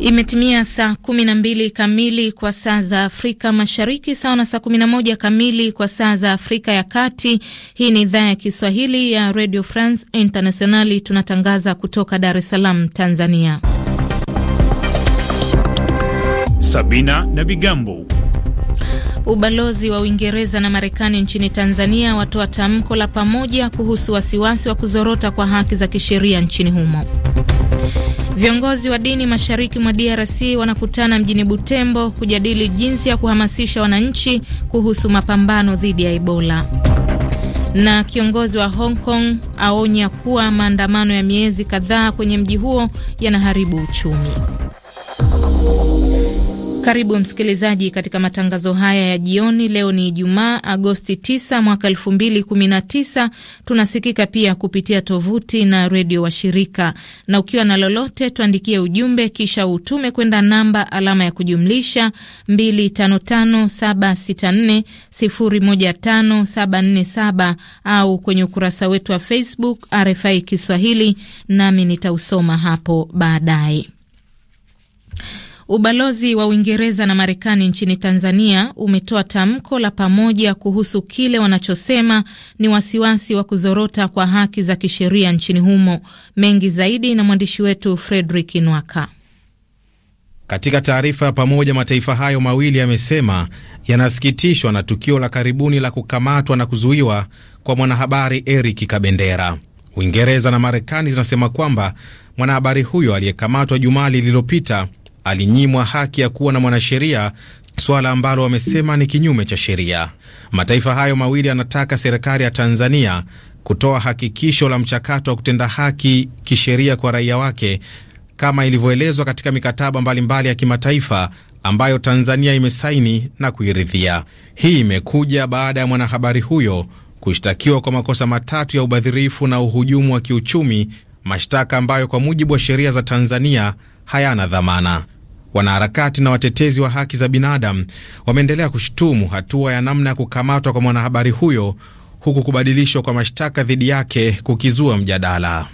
Imetimia saa 12 kamili kwa saa za Afrika Mashariki, sawa na saa 11 kamili kwa saa za Afrika ya Kati. Hii ni idhaa ya Kiswahili ya Radio France Internationali, tunatangaza kutoka Dar es Salaam, Tanzania. Sabina na Bigambo. Ubalozi wa Uingereza na Marekani nchini Tanzania watoa tamko la pamoja kuhusu wasiwasi wa kuzorota kwa haki za kisheria nchini humo. Viongozi wa dini mashariki mwa DRC wanakutana mjini Butembo kujadili jinsi ya kuhamasisha wananchi kuhusu mapambano dhidi ya Ebola. Na kiongozi wa Hong Kong aonya kuwa maandamano ya miezi kadhaa kwenye mji huo yanaharibu uchumi. Karibu msikilizaji katika matangazo haya ya jioni. Leo ni Ijumaa, Agosti 9 mwaka 2019. Tunasikika pia kupitia tovuti na redio wa shirika na ukiwa na lolote tuandikie ujumbe kisha utume kwenda namba alama ya kujumlisha 255764015747 au kwenye ukurasa wetu wa Facebook RFI Kiswahili, nami nitausoma hapo baadaye. Ubalozi wa Uingereza na Marekani nchini Tanzania umetoa tamko la pamoja kuhusu kile wanachosema ni wasiwasi wa kuzorota kwa haki za kisheria nchini humo. Mengi zaidi na mwandishi wetu Fredrik Nwaka. Katika taarifa ya pamoja, mataifa hayo mawili yamesema yanasikitishwa na tukio la karibuni la kukamatwa na kuzuiwa kwa mwanahabari Eric Kabendera. Uingereza na Marekani zinasema kwamba mwanahabari huyo aliyekamatwa Jumaa lililopita alinyimwa haki ya kuwa na mwanasheria, suala ambalo wamesema ni kinyume cha sheria. Mataifa hayo mawili yanataka serikali ya Tanzania kutoa hakikisho la mchakato wa kutenda haki kisheria kwa raia wake kama ilivyoelezwa katika mikataba mbalimbali mbali ya kimataifa ambayo Tanzania imesaini na kuiridhia. Hii imekuja baada ya mwanahabari huyo kushtakiwa kwa makosa matatu ya ubadhirifu na uhujumu wa kiuchumi, mashtaka ambayo kwa mujibu wa sheria za Tanzania hayana dhamana. Wanaharakati na watetezi wa haki za binadamu wameendelea kushutumu hatua ya namna ya kukamatwa kwa mwanahabari huyo huku kubadilishwa kwa mashtaka dhidi yake kukizua mjadala.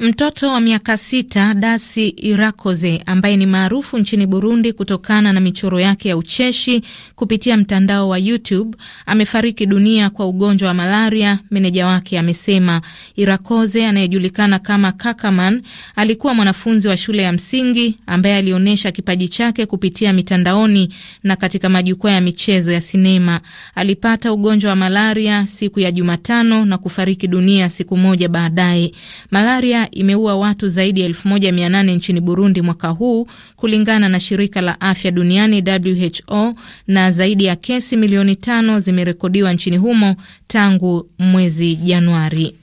Mtoto wa miaka sita Dasi Irakoze ambaye ni maarufu nchini Burundi kutokana na michoro yake ya ucheshi kupitia mtandao wa YouTube amefariki dunia kwa ugonjwa wa malaria, meneja wake amesema. Irakoze anayejulikana kama Kakaman alikuwa mwanafunzi wa shule ya msingi ambaye alionyesha kipaji chake kupitia mitandaoni na katika majukwaa ya michezo ya sinema. Alipata ugonjwa wa malaria siku ya Jumatano na kufariki dunia siku moja baadaye. Malaria imeua watu zaidi ya 1800 nchini Burundi mwaka huu kulingana na shirika la afya duniani WHO, na zaidi ya kesi milioni tano zimerekodiwa nchini humo tangu mwezi Januari.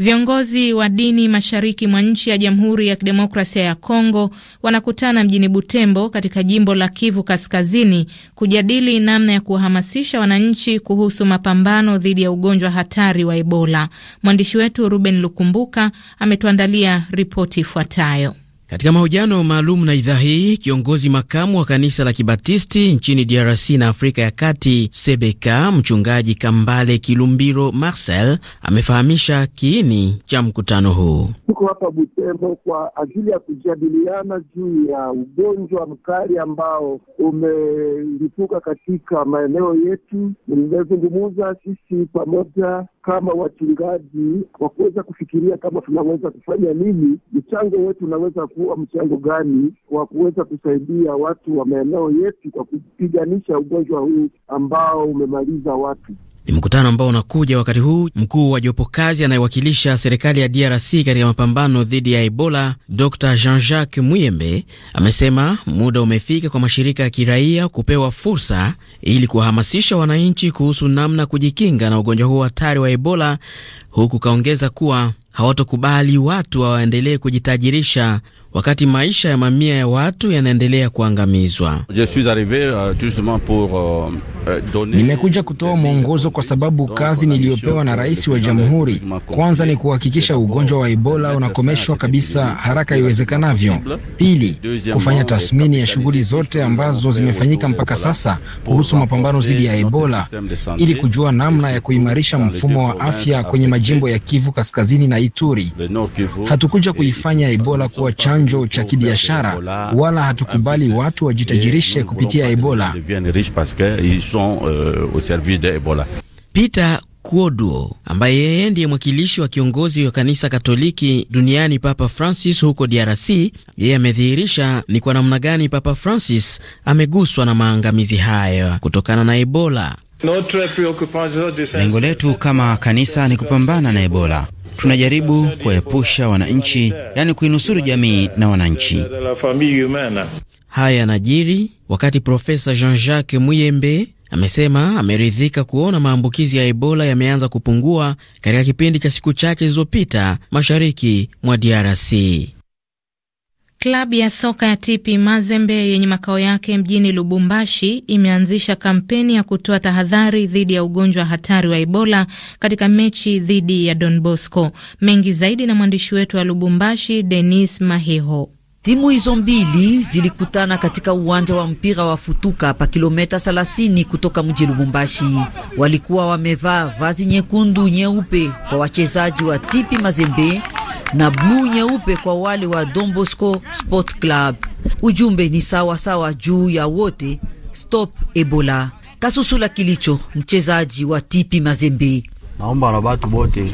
Viongozi wa dini mashariki mwa nchi ya Jamhuri ya Kidemokrasia ya Kongo wanakutana mjini Butembo katika jimbo la Kivu Kaskazini kujadili namna ya kuwahamasisha wananchi kuhusu mapambano dhidi ya ugonjwa hatari wa Ebola. Mwandishi wetu Ruben Lukumbuka ametuandalia ripoti ifuatayo. Katika mahojiano maalum na idhaa hii, kiongozi makamu wa kanisa la Kibatisti nchini DRC na Afrika ya Kati, Sebeka, mchungaji Kambale Kilumbiro Marcel, amefahamisha kiini cha mkutano huu. Tuko hapa Butembo kwa ajili ya kujadiliana juu ya ugonjwa mkali ambao umelipuka katika maeneo yetu. Nimezungumuza sisi pamoja kama wachungaji wa kuweza kufikiria kama tunaweza kufanya nini, mchango wetu unaweza kuwa mchango gani wa kuweza kusaidia watu wa maeneo yetu kwa kupiganisha ugonjwa huu ambao umemaliza watu. Ni mkutano ambao unakuja wakati huu mkuu wa jopo kazi anayewakilisha serikali ya DRC katika mapambano dhidi ya Ebola, Dr Jean-Jacques Muyembe amesema muda umefika kwa mashirika ya kiraia kupewa fursa ili kuwahamasisha wananchi kuhusu namna kujikinga na ugonjwa huo hatari wa Ebola, huku kaongeza kuwa hawatokubali watu hawaendelee kujitajirisha wakati maisha ya mamia ya watu yanaendelea kuangamizwa. Euh, euh, euh, Nimekuja kutoa mwongozo kwa sababu kazi niliyopewa na rais wa jamhuri kwanza ni kuhakikisha ugonjwa wa Ebola unakomeshwa kabisa haraka iwezekanavyo. Pili, kufanya tathmini ya shughuli zote ambazo zimefanyika mpaka sasa kuhusu mapambano dhidi ya Ebola ili kujua namna ya kuimarisha mfumo wa afya kwenye majimbo ya Kivu Kaskazini na Ituri. Hatukuja kuifanya Ebola kuwa chanjo chanjo cha kibiashara, wala hatukubali watu wajitajirishe kupitia euh, Ebola. Peter Kuoduo ambaye yeye ndiye mwakilishi wa kiongozi wa kanisa Katoliki duniani Papa Francis huko DRC, yeye amedhihirisha ni kwa namna gani Papa Francis ameguswa na maangamizi hayo kutokana na Ebola. Lengo letu kama kanisa ni kupambana na Ebola tunajaribu kuwaepusha wananchi, yaani kuinusuru jamii na wananchi. Haya yanajiri wakati Profesa Jean-Jacques Muyembe amesema ameridhika kuona maambukizi ya Ebola yameanza kupungua katika kipindi cha siku chache zilizopita mashariki mwa DRC. Klabu ya soka ya TP Mazembe yenye makao yake mjini Lubumbashi imeanzisha kampeni ya kutoa tahadhari dhidi ya ugonjwa hatari wa Ebola katika mechi dhidi ya Don Bosco. Mengi zaidi na mwandishi wetu wa Lubumbashi, Denis Maheho. Timu hizo mbili zilikutana katika uwanja wa mpira wa Futuka pa kilometa 30 kutoka mji Lubumbashi. Walikuwa wamevaa vazi nyekundu nyeupe kwa wachezaji wa TP Mazembe na bluu nyeupe kwa wale wa Don Sport Club. Ujumbe ni sawa sawa juu ya wote, stop Ebola. Kasusula Kilicho, mchezaji wa Tipi Mazembe: naomba na batu bote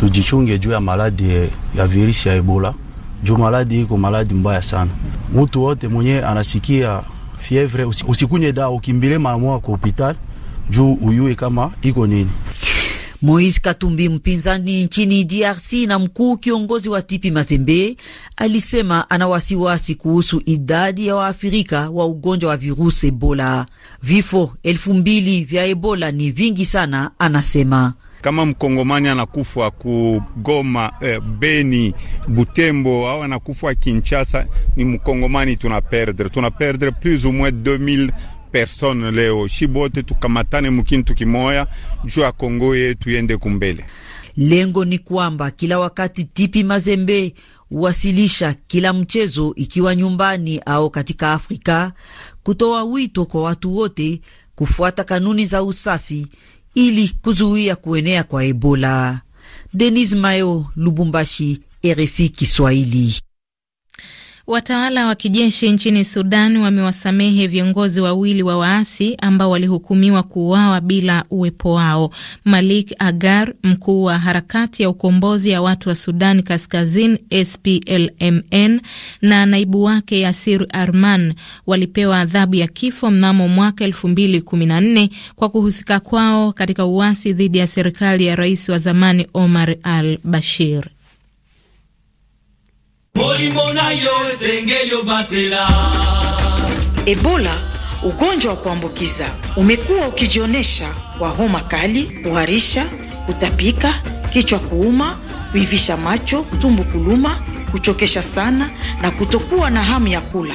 tujichunge juu ya maladi ya virusi ya Ebola, juu maladi iko maladi mbaya sana. Mutu wote mwenye anasikia fievre usikunye dawa, ukimbile mara moja kwa hospitali juu uyue kama iko nini. Moise Katumbi, mpinzani nchini DRC na mkuu kiongozi wa Tipi Mazembe, alisema ana wasiwasi kuhusu idadi ya waafirika wa ugonjwa wa virusi Ebola. Vifo elfu mbili vya Ebola ni vingi sana, anasema kama mkongomani anakufa kugoma eh, Beni, Butembo au anakufa Kinshasa, ni mkongomani tuna perdre tuna perdre plus ou moins 2000 personne leo, shibote tukamatane mukintu kimoya juu ya Kongo yetu yende kumbele. Lengo ni kwamba kila wakati Tipi Mazembe wasilisha kila mchezo ikiwa nyumbani au katika Afrika, kutoa wito kwa watu wote kufuata kanuni za usafi ili kuzuia kuenea kwa Ebola. Denis Mayo, Lubumbashi, RFI Kiswahili. Watawala wa kijeshi nchini Sudan wamewasamehe viongozi wawili wa waasi ambao walihukumiwa kuuawa bila uwepo wao. Malik Agar, mkuu wa harakati ya ukombozi ya watu wa Sudan Kaskazini SPLMN, na naibu wake Yasir Arman walipewa adhabu ya kifo mnamo mwaka 2014 kwa kuhusika kwao katika uasi dhidi ya serikali ya rais wa zamani Omar al Bashir. Ebola ugonjwa wa kuambukiza umekuwa ukijionyesha kwa homa kali, kuharisha, kutapika, kichwa kuuma, kuivisha macho, tumbo kuluma, kuchokesha sana na kutokuwa na hamu ya kula.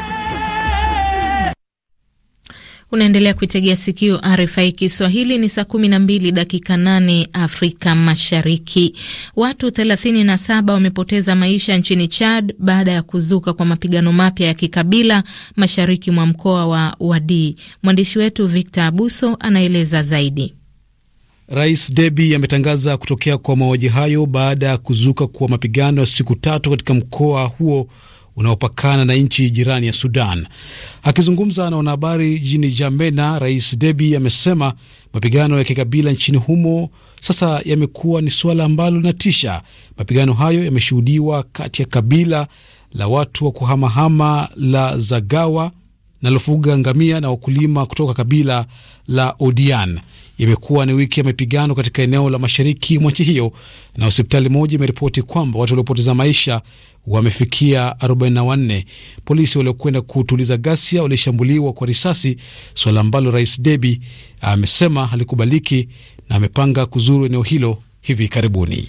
Unaendelea kuitegea sikio RFI Kiswahili. Ni saa mbili dakika 8 Afrika Mashariki. Watu 37 wamepoteza maisha nchini Chad baada ya kuzuka kwa mapigano mapya ya kikabila mashariki mwa mkoa wa Wadi. Mwandishi wetu Victor Abuso anaeleza zaidi. Rais debi ametangaza kutokea kwa mauaji hayo baada ya kuzuka kwa mapigano ya siku tatu katika mkoa huo unaopakana na nchi jirani ya Sudan. Akizungumza na wanahabari jijini Jamena, Rais debi amesema mapigano ya kikabila nchini humo sasa yamekuwa ni suala ambalo linatisha. Mapigano hayo yameshuhudiwa kati ya kabila la watu wa kuhamahama la Zagawa nalofuga ngamia na wakulima kutoka kabila la Odian. Imekuwa ni wiki ya mapigano katika eneo la mashariki mwa nchi hiyo, na hospitali moja imeripoti kwamba watu waliopoteza maisha wamefikia 44. Polisi waliokwenda kutuliza ghasia walishambuliwa kwa risasi, suala ambalo Rais Deby amesema halikubaliki na amepanga kuzuru eneo hilo hivi karibuni.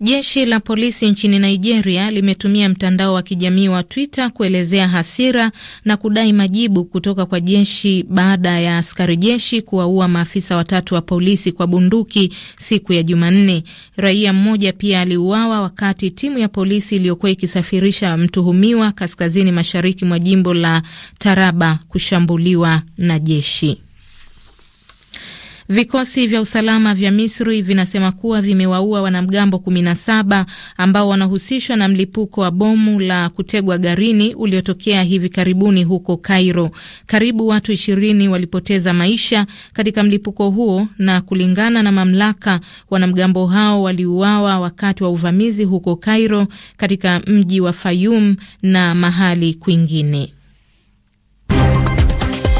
Jeshi la polisi nchini Nigeria limetumia mtandao wa kijamii wa Twitter kuelezea hasira na kudai majibu kutoka kwa jeshi baada ya askari jeshi kuwaua maafisa watatu wa polisi kwa bunduki siku ya Jumanne. Raia mmoja pia aliuawa wakati timu ya polisi iliyokuwa ikisafirisha mtuhumiwa kaskazini mashariki mwa jimbo la Taraba kushambuliwa na jeshi. Vikosi vya usalama vya Misri vinasema kuwa vimewaua wanamgambo 17 ambao wanahusishwa na mlipuko wa bomu la kutegwa garini uliotokea hivi karibuni huko Cairo. Karibu watu 20 walipoteza maisha katika mlipuko huo, na kulingana na mamlaka, wanamgambo hao waliuawa wakati wa uvamizi huko Cairo, katika mji wa Fayum na mahali kwingine.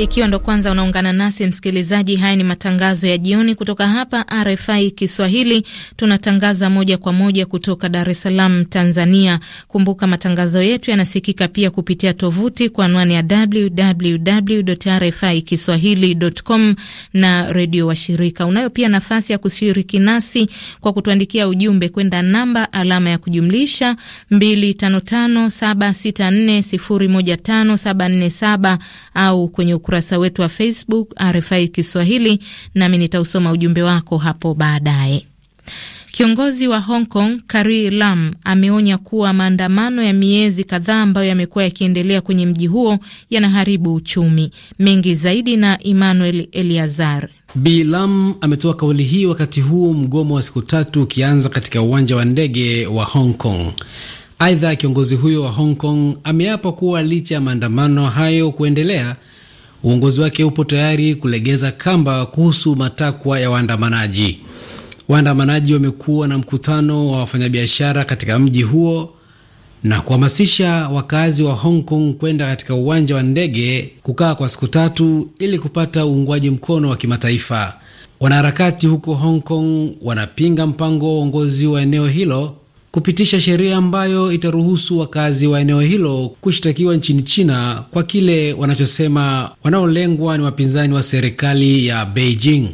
Ikiwa ndo kwanza unaungana nasi msikilizaji, haya ni matangazo ya jioni kutoka hapa RFI Kiswahili. Tunatangaza moja kwa moja kutoka Dar es Salaam, Tanzania. Kumbuka matangazo yetu yanasikika pia kupitia tovuti kwa anwani ya www RFI kiswahilicom na redio washirika. Unayo pia nafasi ya kushiriki nasi kwa kutuandikia ujumbe kwenda namba alama ya kujumlisha 255 au kwenye ukurasa wetu wa Facebook RFI Kiswahili, nami nitausoma ujumbe wako hapo baadaye. Kiongozi wa Hong Kong Carrie Lam ameonya kuwa maandamano ya miezi kadhaa ambayo yamekuwa yakiendelea kwenye mji huo yanaharibu uchumi. Mengi zaidi na Emmanuel Eliazar. Bi Lam ametoa kauli hii wakati huu mgomo wa siku tatu ukianza katika uwanja wa ndege wa Hong Kong. Aidha, kiongozi huyo wa Hong Kong ameapa kuwa licha ya maandamano hayo kuendelea uongozi wake upo tayari kulegeza kamba kuhusu matakwa ya waandamanaji. Waandamanaji wamekuwa na mkutano wa wafanyabiashara katika mji huo na kuhamasisha wakazi wa Hong Kong kwenda katika uwanja wa ndege kukaa kwa siku tatu ili kupata uungwaji mkono wa kimataifa. Wanaharakati huko Hong Kong wanapinga mpango wa uongozi wa eneo hilo kupitisha sheria ambayo itaruhusu wakazi wa eneo hilo kushtakiwa nchini China kwa kile wanachosema wanaolengwa ni wapinzani wa serikali ya Beijing.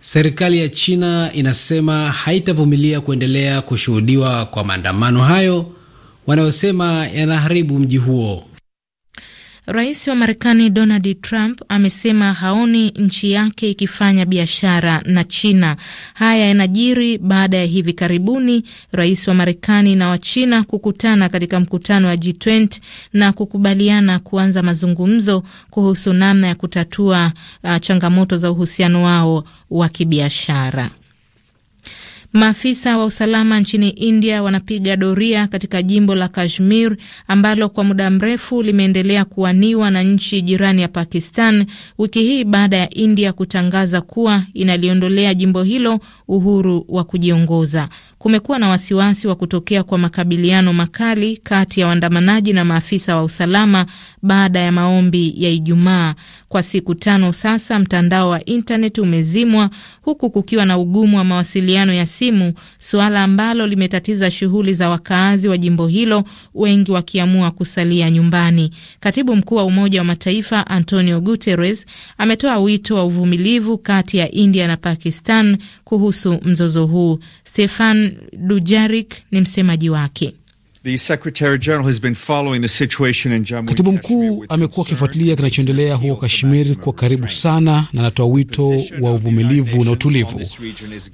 Serikali ya China inasema haitavumilia kuendelea kushuhudiwa kwa maandamano hayo wanayosema yanaharibu mji huo. Rais wa Marekani Donald Trump amesema haoni nchi yake ikifanya biashara na China. Haya yanajiri baada ya hivi karibuni rais wa Marekani na wa China kukutana katika mkutano wa G20 na kukubaliana kuanza mazungumzo kuhusu namna ya kutatua uh, changamoto za uhusiano wao wa kibiashara. Maafisa wa usalama nchini India wanapiga doria katika jimbo la Kashmir ambalo kwa muda mrefu limeendelea kuwaniwa na nchi jirani ya Pakistan, wiki hii baada ya India kutangaza kuwa inaliondolea jimbo hilo uhuru wa kujiongoza. Kumekuwa na wasiwasi wa kutokea kwa makabiliano makali kati ya waandamanaji na maafisa wa usalama baada ya maombi ya Ijumaa. Kwa siku tano sasa, mtandao wa intaneti umezimwa huku kukiwa na ugumu wa mawasiliano ya simu, suala ambalo limetatiza shughuli za wakaazi wa jimbo hilo, wengi wakiamua kusalia nyumbani. Katibu mkuu wa Umoja wa Mataifa Antonio Guterres ametoa wito wa uvumilivu kati ya India na Pakistan kuhusu mzozo huu. Stefan Dujarik ni msemaji wake. Katibu mkuu amekuwa akifuatilia kinachoendelea huko Kashmir kwa karibu sana na anatoa wito wa uvumilivu na utulivu.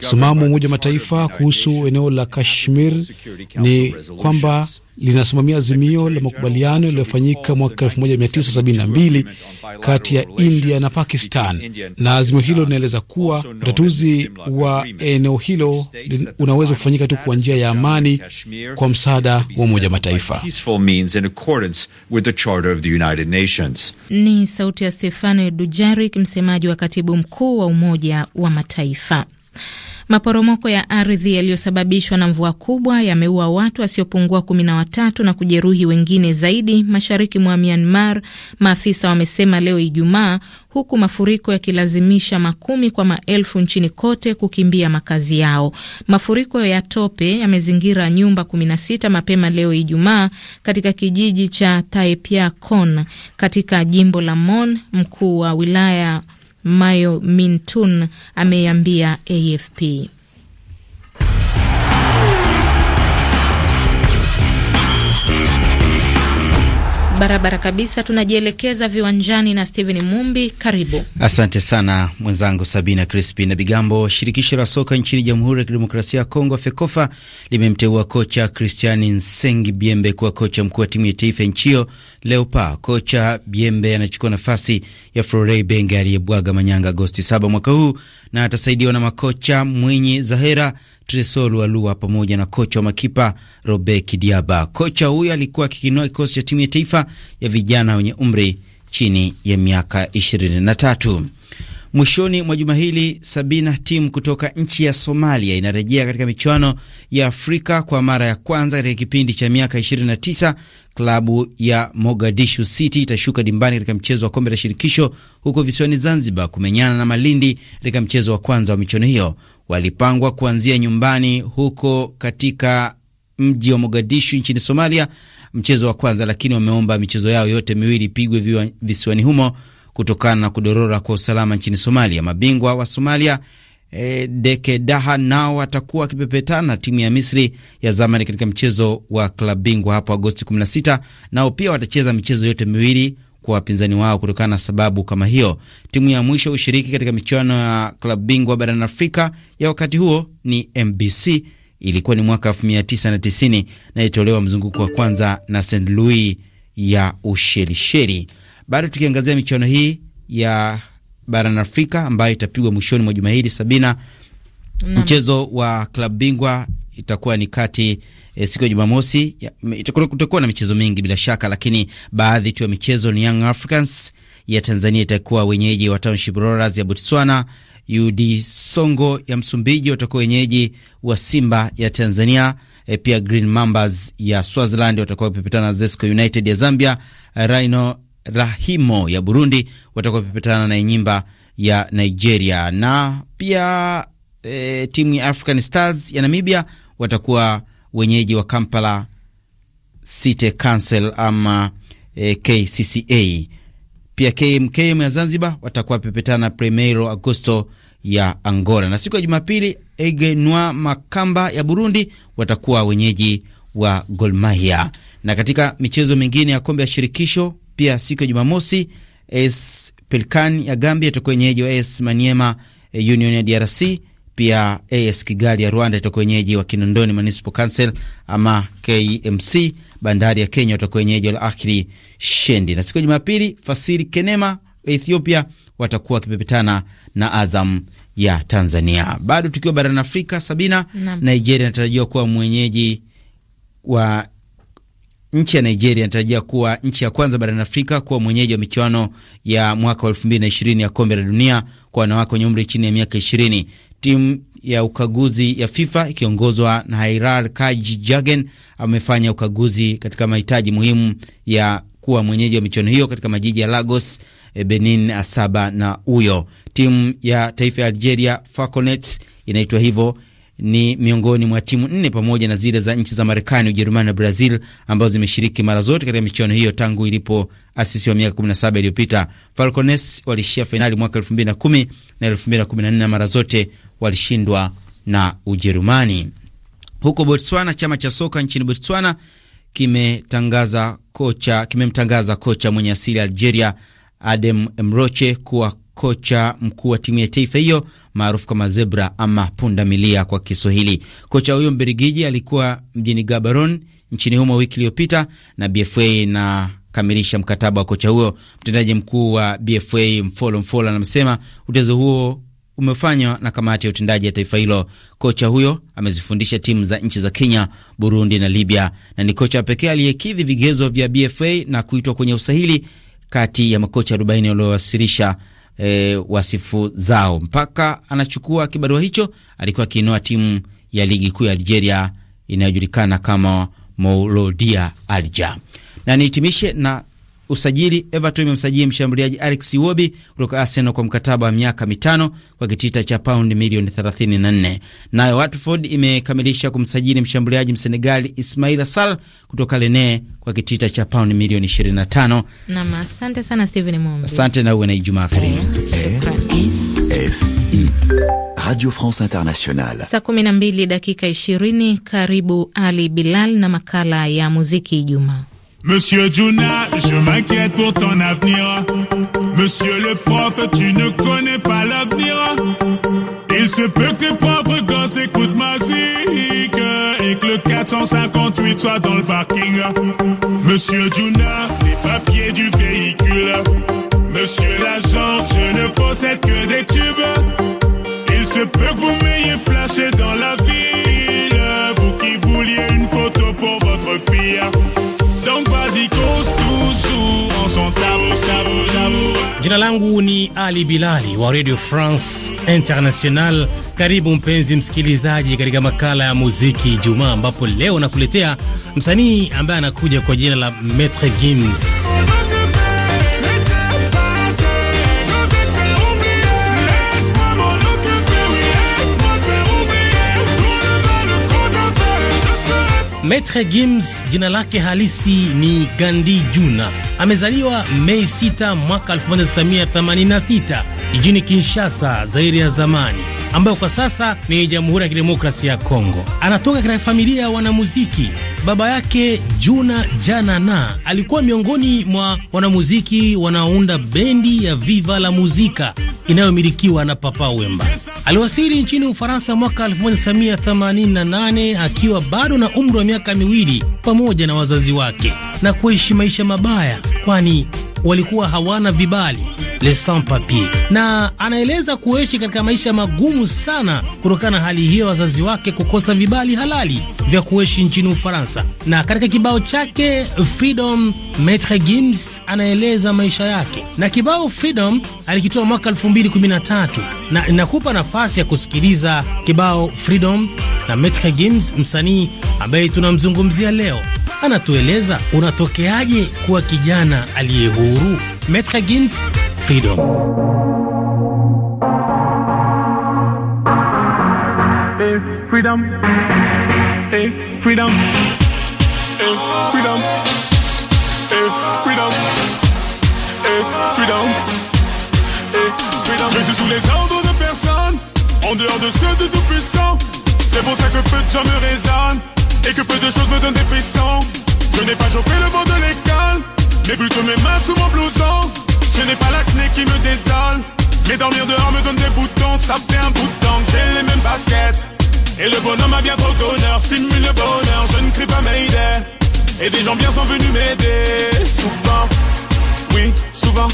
Msimamo wa Umoja wa Mataifa kuhusu eneo la Kashmir ni kwamba linasimamia azimio la makubaliano yaliyofanyika mwaka 1972 kati ya India na Pakistan, na azimio hilo linaeleza kuwa utatuzi wa eneo hilo unaweza kufanyika tu kwa njia ya amani kwa msaada wa Umoja wa Mataifa. Ni sauti ya Stefano Dujarik, msemaji wa katibu mkuu wa Umoja wa Mataifa. Maporomoko ya ardhi yaliyosababishwa na mvua kubwa yameua watu wasiopungua kumi na watatu na kujeruhi wengine zaidi mashariki mwa Myanmar, maafisa wamesema leo Ijumaa, huku mafuriko yakilazimisha makumi kwa maelfu nchini kote kukimbia makazi yao. Mafuriko ya tope yamezingira nyumba 16 mapema leo Ijumaa katika kijiji cha taepia Kon katika jimbo la Mon, mkuu wa wilaya Mayo Mintun ameambia AFP. barabara kabisa. Tunajielekeza viwanjani na Steven Mumbi, karibu. Asante sana mwenzangu Sabina Crispi na Bigambo. Shirikisho la soka nchini Jamhuri ya Kidemokrasia ya Kongo, FEKOFA, limemteua kocha Christian Nsengi Biembe kuwa kocha mkuu wa timu ya taifa ya nchi Leopa. Kocha Biembe anachukua nafasi ya Florey Benge aliyebwaga manyanga Agosti 7 mwaka huu na atasaidiwa na makocha Mwinyi Zahera, Tresor Walua pamoja na kocha wa makipa Robe Kidiaba. Kocha huyo alikuwa akikinua kikosi cha timu ya taifa ya vijana wenye umri chini ya miaka ishirini na tatu Mwishoni mwa juma hili, Sabina timu kutoka nchi ya Somalia inarejea katika michuano ya Afrika kwa mara ya kwanza katika kipindi cha miaka 29. Klabu ya Mogadishu City itashuka dimbani katika mchezo wa kombe la shirikisho huko visiwani Zanzibar kumenyana na Malindi katika mchezo wa kwanza wa michuano hiyo. Walipangwa kuanzia nyumbani huko katika mji wa Mogadishu nchini Somalia mchezo wa kwanza, lakini wameomba michezo yao yote miwili ipigwe visiwani humo kutokana na kudorora kwa usalama nchini Somalia. Mabingwa wa Somalia e, Deke Daha nao watakuwa wakipepetana na timu ya Misri ya zamani katika mchezo wa klabu bingwa hapo Agosti 16. Nao pia watacheza michezo yote miwili kwa wapinzani wao kutokana na sababu kama hiyo. Timu ya mwisho ushiriki katika michuano ya klabu bingwa barani Afrika ya wakati huo ni MBC, ilikuwa ni mwaka 1990 na ilitolewa mzunguko wa kwanza na St Louis ya Ushelisheli. Bado tukiangazia michuano hii ya barani Afrika ambayo itapigwa mwishoni mwa juma hili, Sabina, mchezo wa klabu bingwa itakuwa ni kati e, siku ya Jumamosi. Kutakuwa na michezo mingi bila shaka, lakini baadhi tu ya michezo ni Young Africans ya Tanzania itakuwa wenyeji wa Township Rollers ya Botswana. UD Songo ya Msumbiji watakuwa wenyeji wa Simba ya Tanzania. E, pia Green Mambas ya Swaziland watakuwa wakipepetana na Zesco United ya Zambia. Eh, Rhino Rahimo ya Burundi watakaopepetana na Enyimba ya Nigeria, na pia e, timu ya African Stars ya Namibia watakuwa wenyeji wa Kampala City Council ama e, eh, KCCA. Pia KMKM ya Zanzibar watakuwa pepetana Primeiro Agosto ya Angola, na siku ya Jumapili Ege Noir Makamba ya Burundi watakuwa wenyeji wa golmahia Na katika michezo mingine ya kombe ya shirikisho pia siku ya Jumamosi, AS Pelkan ya Gambia itakuwa wenyeji wa AS Maniema eh, Union ya DRC. Pia AS Kigali ya Rwanda itakuwa wenyeji wa Kinondoni Municipal Council ama KMC. Bandari ya Kenya watakuwa wenyeji wa Al Shendi, na siku ya Jumapili Fasiri Kenema Ethiopia watakuwa wakipepetana na Azam ya Tanzania. Bado tukiwa barani Afrika, Sabina, Nigeria inatarajiwa kuwa mwenyeji wa Nchi ya Nigeria inatarajia kuwa nchi ya kwanza barani Afrika kuwa mwenyeji wa michuano ya mwaka wa ishirini ya kombe la dunia kwa wanawake wenye umri chini ya miaka ishirini. Timu ya ukaguzi ya FIFA ikiongozwa na Hairar Kaji Jagen amefanya ukaguzi katika mahitaji muhimu ya kuwa mwenyeji wa michuano hiyo katika majiji ya Lagos, eh, Benin, Asaba na Uyo. Timu ya taifa ya Algeria Falconets inaitwa hivyo ni miongoni mwa timu nne pamoja na zile za nchi za Marekani, Ujerumani na Brazil ambazo zimeshiriki mara zote katika michuano hiyo tangu ilipo asisi wa miaka 17 iliyopita. Falcones walishia fainali mwaka 2010 na 2014 na mara zote walishindwa na Ujerumani. Huko Botswana, chama cha soka nchini Botswana kimemtangaza kocha, kimemtangaza kocha mwenye asili ya Algeria Adem Emroche kuwa kocha mkuu wa timu ya taifa hiyo maarufu kama Zebra ama punda milia kwa Kiswahili. Kocha huyo Mbirigiji alikuwa mjini Gabaron nchini humo wiki iliyopita na BFA na kamilisha mkataba wa kocha huyo. Mtendaji mkuu wa BFA Mfolo Mfolo anamsema utezo huo umefanywa na kamati ya utendaji ya taifa hilo. Kocha huyo amezifundisha timu za nchi za Kenya, Burundi na Libya na ni kocha pekee aliyekidhi vigezo vya BFA na kuitwa kwenye usahili kati ya makocha 40 waliowasilisha e, wasifu zao. Mpaka anachukua kibarua hicho alikuwa akiinua timu ya ligi kuu ya Algeria inayojulikana kama Mouloudia Alja. Na nihitimishe na usajili. Everton imemsajili mshambuliaji Alex Iwobi kutoka Arsenal kwa mkataba wa miaka mitano kwa kitita cha paundi milioni 34. Nayo Watford imekamilisha kumsajili mshambuliaji Msenegali Ismaila Sal kutoka Lene kwa kitita cha paundi milioni 25. Nam, asante sana Steven Mombi. Asante na uwe na Ijumaa karimu. Radio France Internationale. Saa dakika ishirini. karibu Ali Bilal na makala ya muziki Ijumaa. Monsieur Juna, je m'inquiète pour ton avenir. Monsieur le prof, tu ne connais pas l'avenir. Il se peut que tes propres gosses écoutent ma musique et que le 458 soit dans le parking. Monsieur Juna, les papiers du véhicule. Monsieur l'agent, je ne possède que des tubes. Il se peut que vous m'ayez flashé dans la vie langu ni Ali Bilali wa Radio France International. Karibu mpenzi msikilizaji, katika makala ya muziki Ijumaa, ambapo leo nakuletea msanii ambaye anakuja kwa jina la Maitre Gims. Maitre Gims jina lake halisi ni Gandhi Juna amezaliwa Mei 6 mwaka 1986 jijini Kinshasa, Zairi ya zamani ambayo kwa sasa ni Jamhuri ya Kidemokrasia ya Kongo. Anatoka katika familia ya wanamuziki. Baba yake Juna Janana alikuwa miongoni mwa wanamuziki wanaounda bendi ya Viva la Muzika inayomilikiwa na Papa Wemba. Aliwasili nchini Ufaransa mwaka 1988 akiwa bado na umri wa miaka miwili pamoja na wazazi wake na kuishi maisha mabaya kwani walikuwa hawana vibali les sans papier, na anaeleza kuishi katika maisha magumu sana kutokana na hali hiyo, wazazi wake kukosa vibali halali vya kuishi nchini Ufaransa. Na katika kibao chake Freedom, Maitre Gims anaeleza maisha yake, na kibao Freedom alikitoa mwaka 2013 na inakupa nafasi ya kusikiliza kibao Freedom na Maitre Gims, msanii ambaye tunamzungumzia leo. anatueleza unatokeaje kuwa kijana aliye huru. Metre Gims, Freedom. Hey, freedom. Hey, freedom. Hey, freedom. Hey, freedom. Hey, freedom. Hey, freedom. Je suis sous les ordres de personne, en dehors de ceux de tout puissant. C'est pour ça que peu de gens me raisonnent. Et que peu de choses me donnent des frissons Je n'ai pas chauffé le vent de l'école Mais plutôt mes mains sous mon blouson Ce n'est pas la l'acné qui me désole Mais dormir dehors me donne des boutons Ça fait un bout de temps j'ai les mêmes baskets Et le bonhomme a bien trop d'honneur Simule le bonheur, je ne crie pas est Et des gens bien sont venus m'aider Souvent, oui, souvent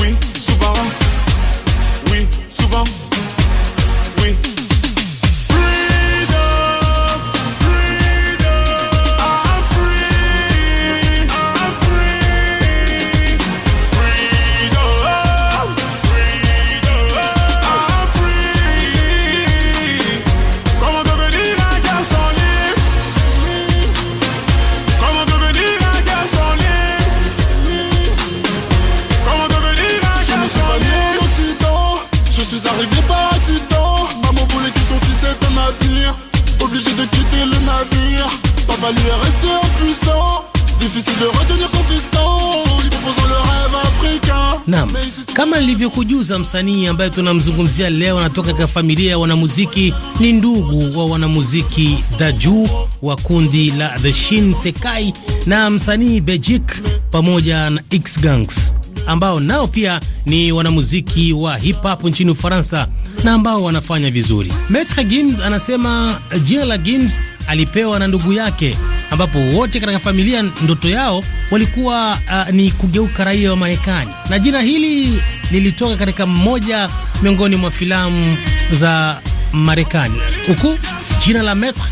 Oui, souvent lui est resté impuissant Difficile de retenir Naam, kama nilivyokujuza, msanii ambaye tunamzungumzia leo anatoka katika familia ya wanamuziki, ni ndugu wa wanamuziki Daju wa kundi la The Shin Sekai na msanii Bejik pamoja na X Gangs ambao nao pia ni wanamuziki wa hip hop nchini Ufaransa na ambao wanafanya vizuri. Metra Gims anasema jina la Gims alipewa na ndugu yake, ambapo wote katika familia ndoto yao walikuwa uh, ni kugeuka raia wa Marekani, na jina hili lilitoka katika mmoja miongoni mwa filamu za Marekani, huku jina la Metre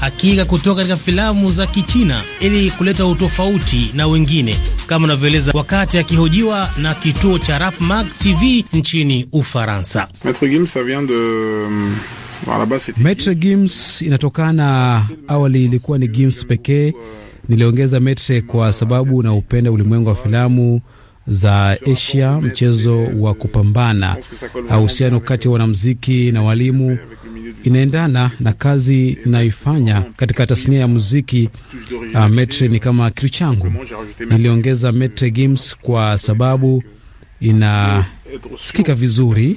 hakika kutoka katika filamu za Kichina ili kuleta utofauti na wengine, kama unavyoeleza wakati akihojiwa na kituo cha Rap Mag TV nchini Ufaransa. Metre Gims inatokana, awali ilikuwa ni Gims pekee, niliongeza metre kwa sababu na upenda ulimwengu wa filamu za Asia, mchezo wa kupambana. Uhusiano kati ya wanamuziki na walimu inaendana na kazi inayoifanya katika tasnia ya muziki. Uh, metre ni kama kitu changu. Niliongeza metre Gims kwa sababu ina sikika vizuri,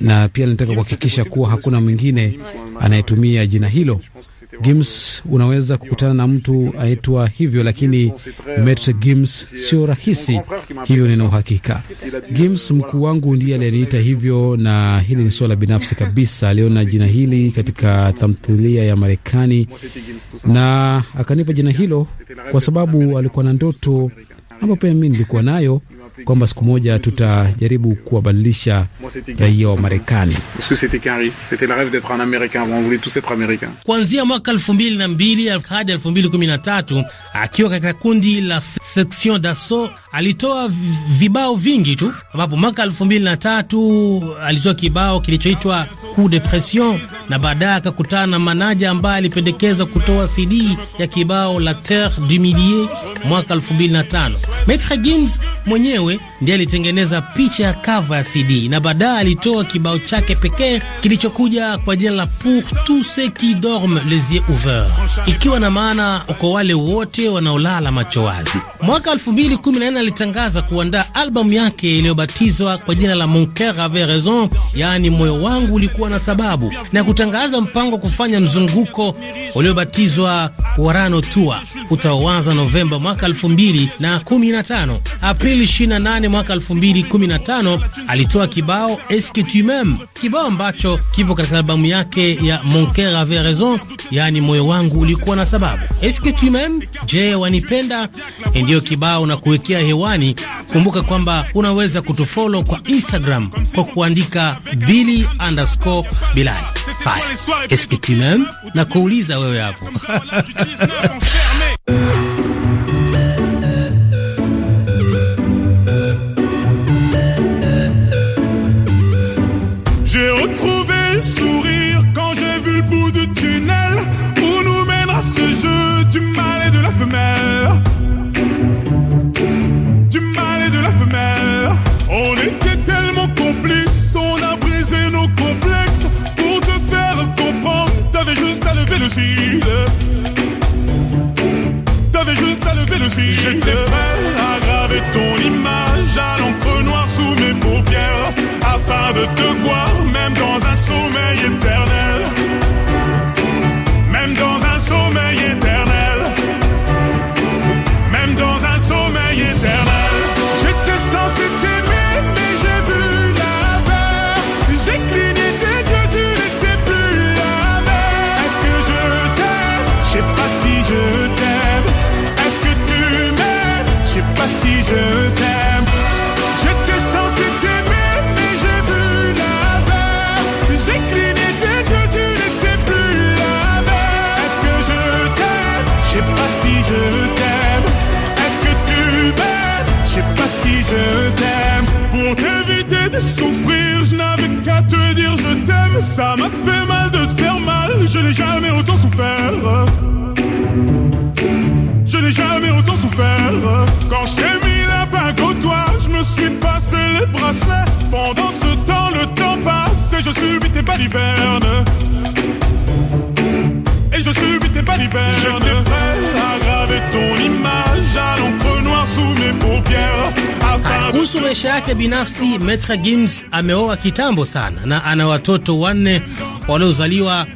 na pia nataka kuhakikisha kuwa hakuna mwingine anayetumia jina hilo. Gims, unaweza kukutana na mtu aitwa hivyo, lakini Maitre Gims sio rahisi hivyo, nina uhakika. Gims mkuu wangu ndiye aliyeniita hivyo, na hili ni suala binafsi kabisa. Aliona jina hili katika tamthilia ya Marekani na akanipa jina hilo kwa sababu alikuwa na ndoto ambayo pia mimi nilikuwa nayo kwamba siku moja tutajaribu kuwabadilisha raia wa Marekani. Kuanzia mwaka mbili hadi tatu akiwa katika kundi la Section d'Assaut alitoa vibao vingi tu, ambapo mwaka tatu alitoa kibao kilichoitwa Coup de Pression na baadaye akakutana na manaja ambaye alipendekeza kutoa CD ya kibao la Terre du Milieu mwaka tano. Maitre Gims mwenyewe mwenyewe ndiye alitengeneza picha ya kava ya CD na baadaye alitoa kibao chake pekee kilichokuja kwa jina la Pour tous ceux qui dorment les yeux ouverts, ikiwa na maana kwa wale wote wanaolala macho wazi. Mwaka 2014 alitangaza kuandaa albamu yake iliyobatizwa kwa jina la Mon Coeur Avait Raison, yaani moyo wangu ulikuwa na sababu, na kutangaza mpango wa kufanya mzunguko uliobatizwa Warano Tour utaoanza Novemba mwaka 2015 Aprili 18 mwaka 2015 alitoa kibao Est-ce que tu m'aimes, kibao ambacho kipo katika albamu yake ya Mon Coeur Avait Raison, yaani moyo wangu ulikuwa na sababu. Est-ce que tu m'aimes, je, wanipenda? E, ndiyo kibao na kuwekea hewani. Kumbuka kwamba unaweza kutufollow kwa Instagram kwa kuandika Billy underscore Bilal. Est-ce que tu m'aimes, na kuuliza wewe hapo sourire quand j'ai vu le bout du tunnel où nous à ce jeu du mal et de la femelle. Du mal et de la femelle. On était tellement complices, on a brisé nos complexes pour te faire comprendre. T'avais juste à lever le cil. T'avais juste à lever le cil. J'étais prêt à graver ton image à l'encre noire sous mes paupières afin de te voir même dans souffrir, je n'avais qu'à te dire je t'aime. Ça m'a fait mal de te faire mal, je n'ai jamais autant souffert. Je n'ai jamais autant souffert. Quand je t'ai mis la bague au toit, je me suis passé les bracelets. Pendant ce temps, le temps passe et je subis tes balivernes. je subis tes balivernes. J'étais prêt à graver ton image à l'encre noire sous mes paupières. Kuhusu maisha yake binafsi, Metra Gims ameoa kitambo sana na ana watoto wanne waliozaliwa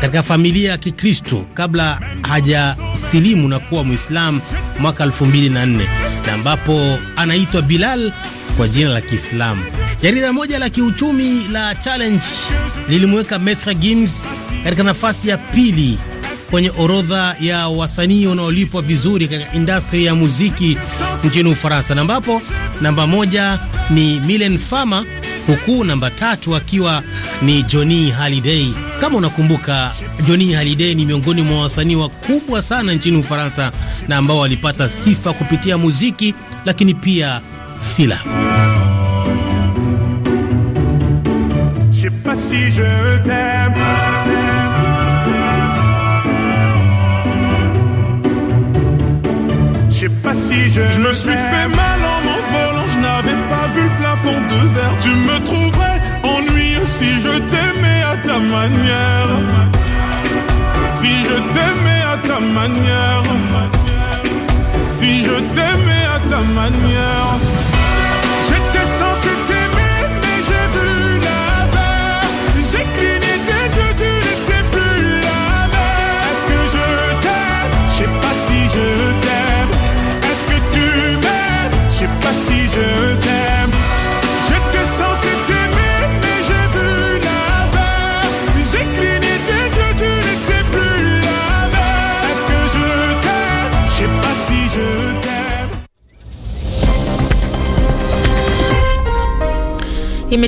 katika familia ya Kikristo kabla hajasilimu na kuwa Muislamu mwaka 2004 na ambapo anaitwa Bilal kwa jina la Kiislamu. Jarida moja la kiuchumi la Challenge lilimweka Metra Gims katika nafasi ya pili kwenye orodha ya wasanii wanaolipwa vizuri katika industry ya muziki nchini Ufaransa, na ambapo namba moja ni Milen Farmer huku namba tatu akiwa ni Johnny Hallyday. Kama unakumbuka, Johnny Hallyday ni miongoni mwa wasanii wakubwa sana nchini Ufaransa na ambao walipata sifa kupitia muziki, lakini pia filamu. Je sais pas si je t'aime je. Je me suis fait mal en m'envolant, je n'avais pas vu le plafond de verre. Tu me trouverais ennuyeux si je t'aimais à ta manière. Si je t'aimais à ta manière. Si je t'aimais à ta manière.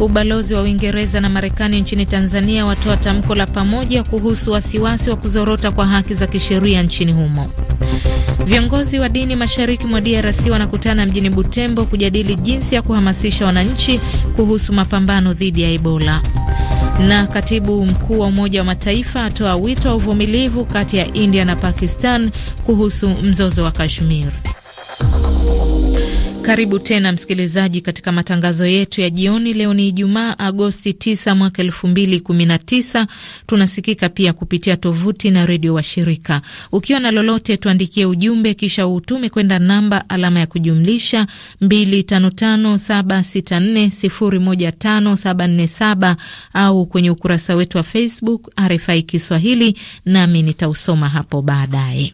Ubalozi wa Uingereza na Marekani nchini Tanzania watoa tamko la pamoja kuhusu wasiwasi wa kuzorota kwa haki za kisheria nchini humo. Viongozi wa dini mashariki mwa DRC wanakutana mjini Butembo kujadili jinsi ya kuhamasisha wananchi kuhusu mapambano dhidi ya Ebola. Na katibu mkuu wa Umoja wa Mataifa atoa wito wa uvumilivu kati ya India na Pakistan kuhusu mzozo wa Kashmir. Karibu tena msikilizaji, katika matangazo yetu ya jioni. Leo ni Ijumaa, Agosti 9 mwaka 2019. Tunasikika pia kupitia tovuti na redio wa shirika Ukiwa na lolote, tuandikie ujumbe kisha uutume kwenda namba alama ya kujumlisha 255764015747 au kwenye ukurasa wetu wa Facebook RFI Kiswahili, nami nitausoma hapo baadaye.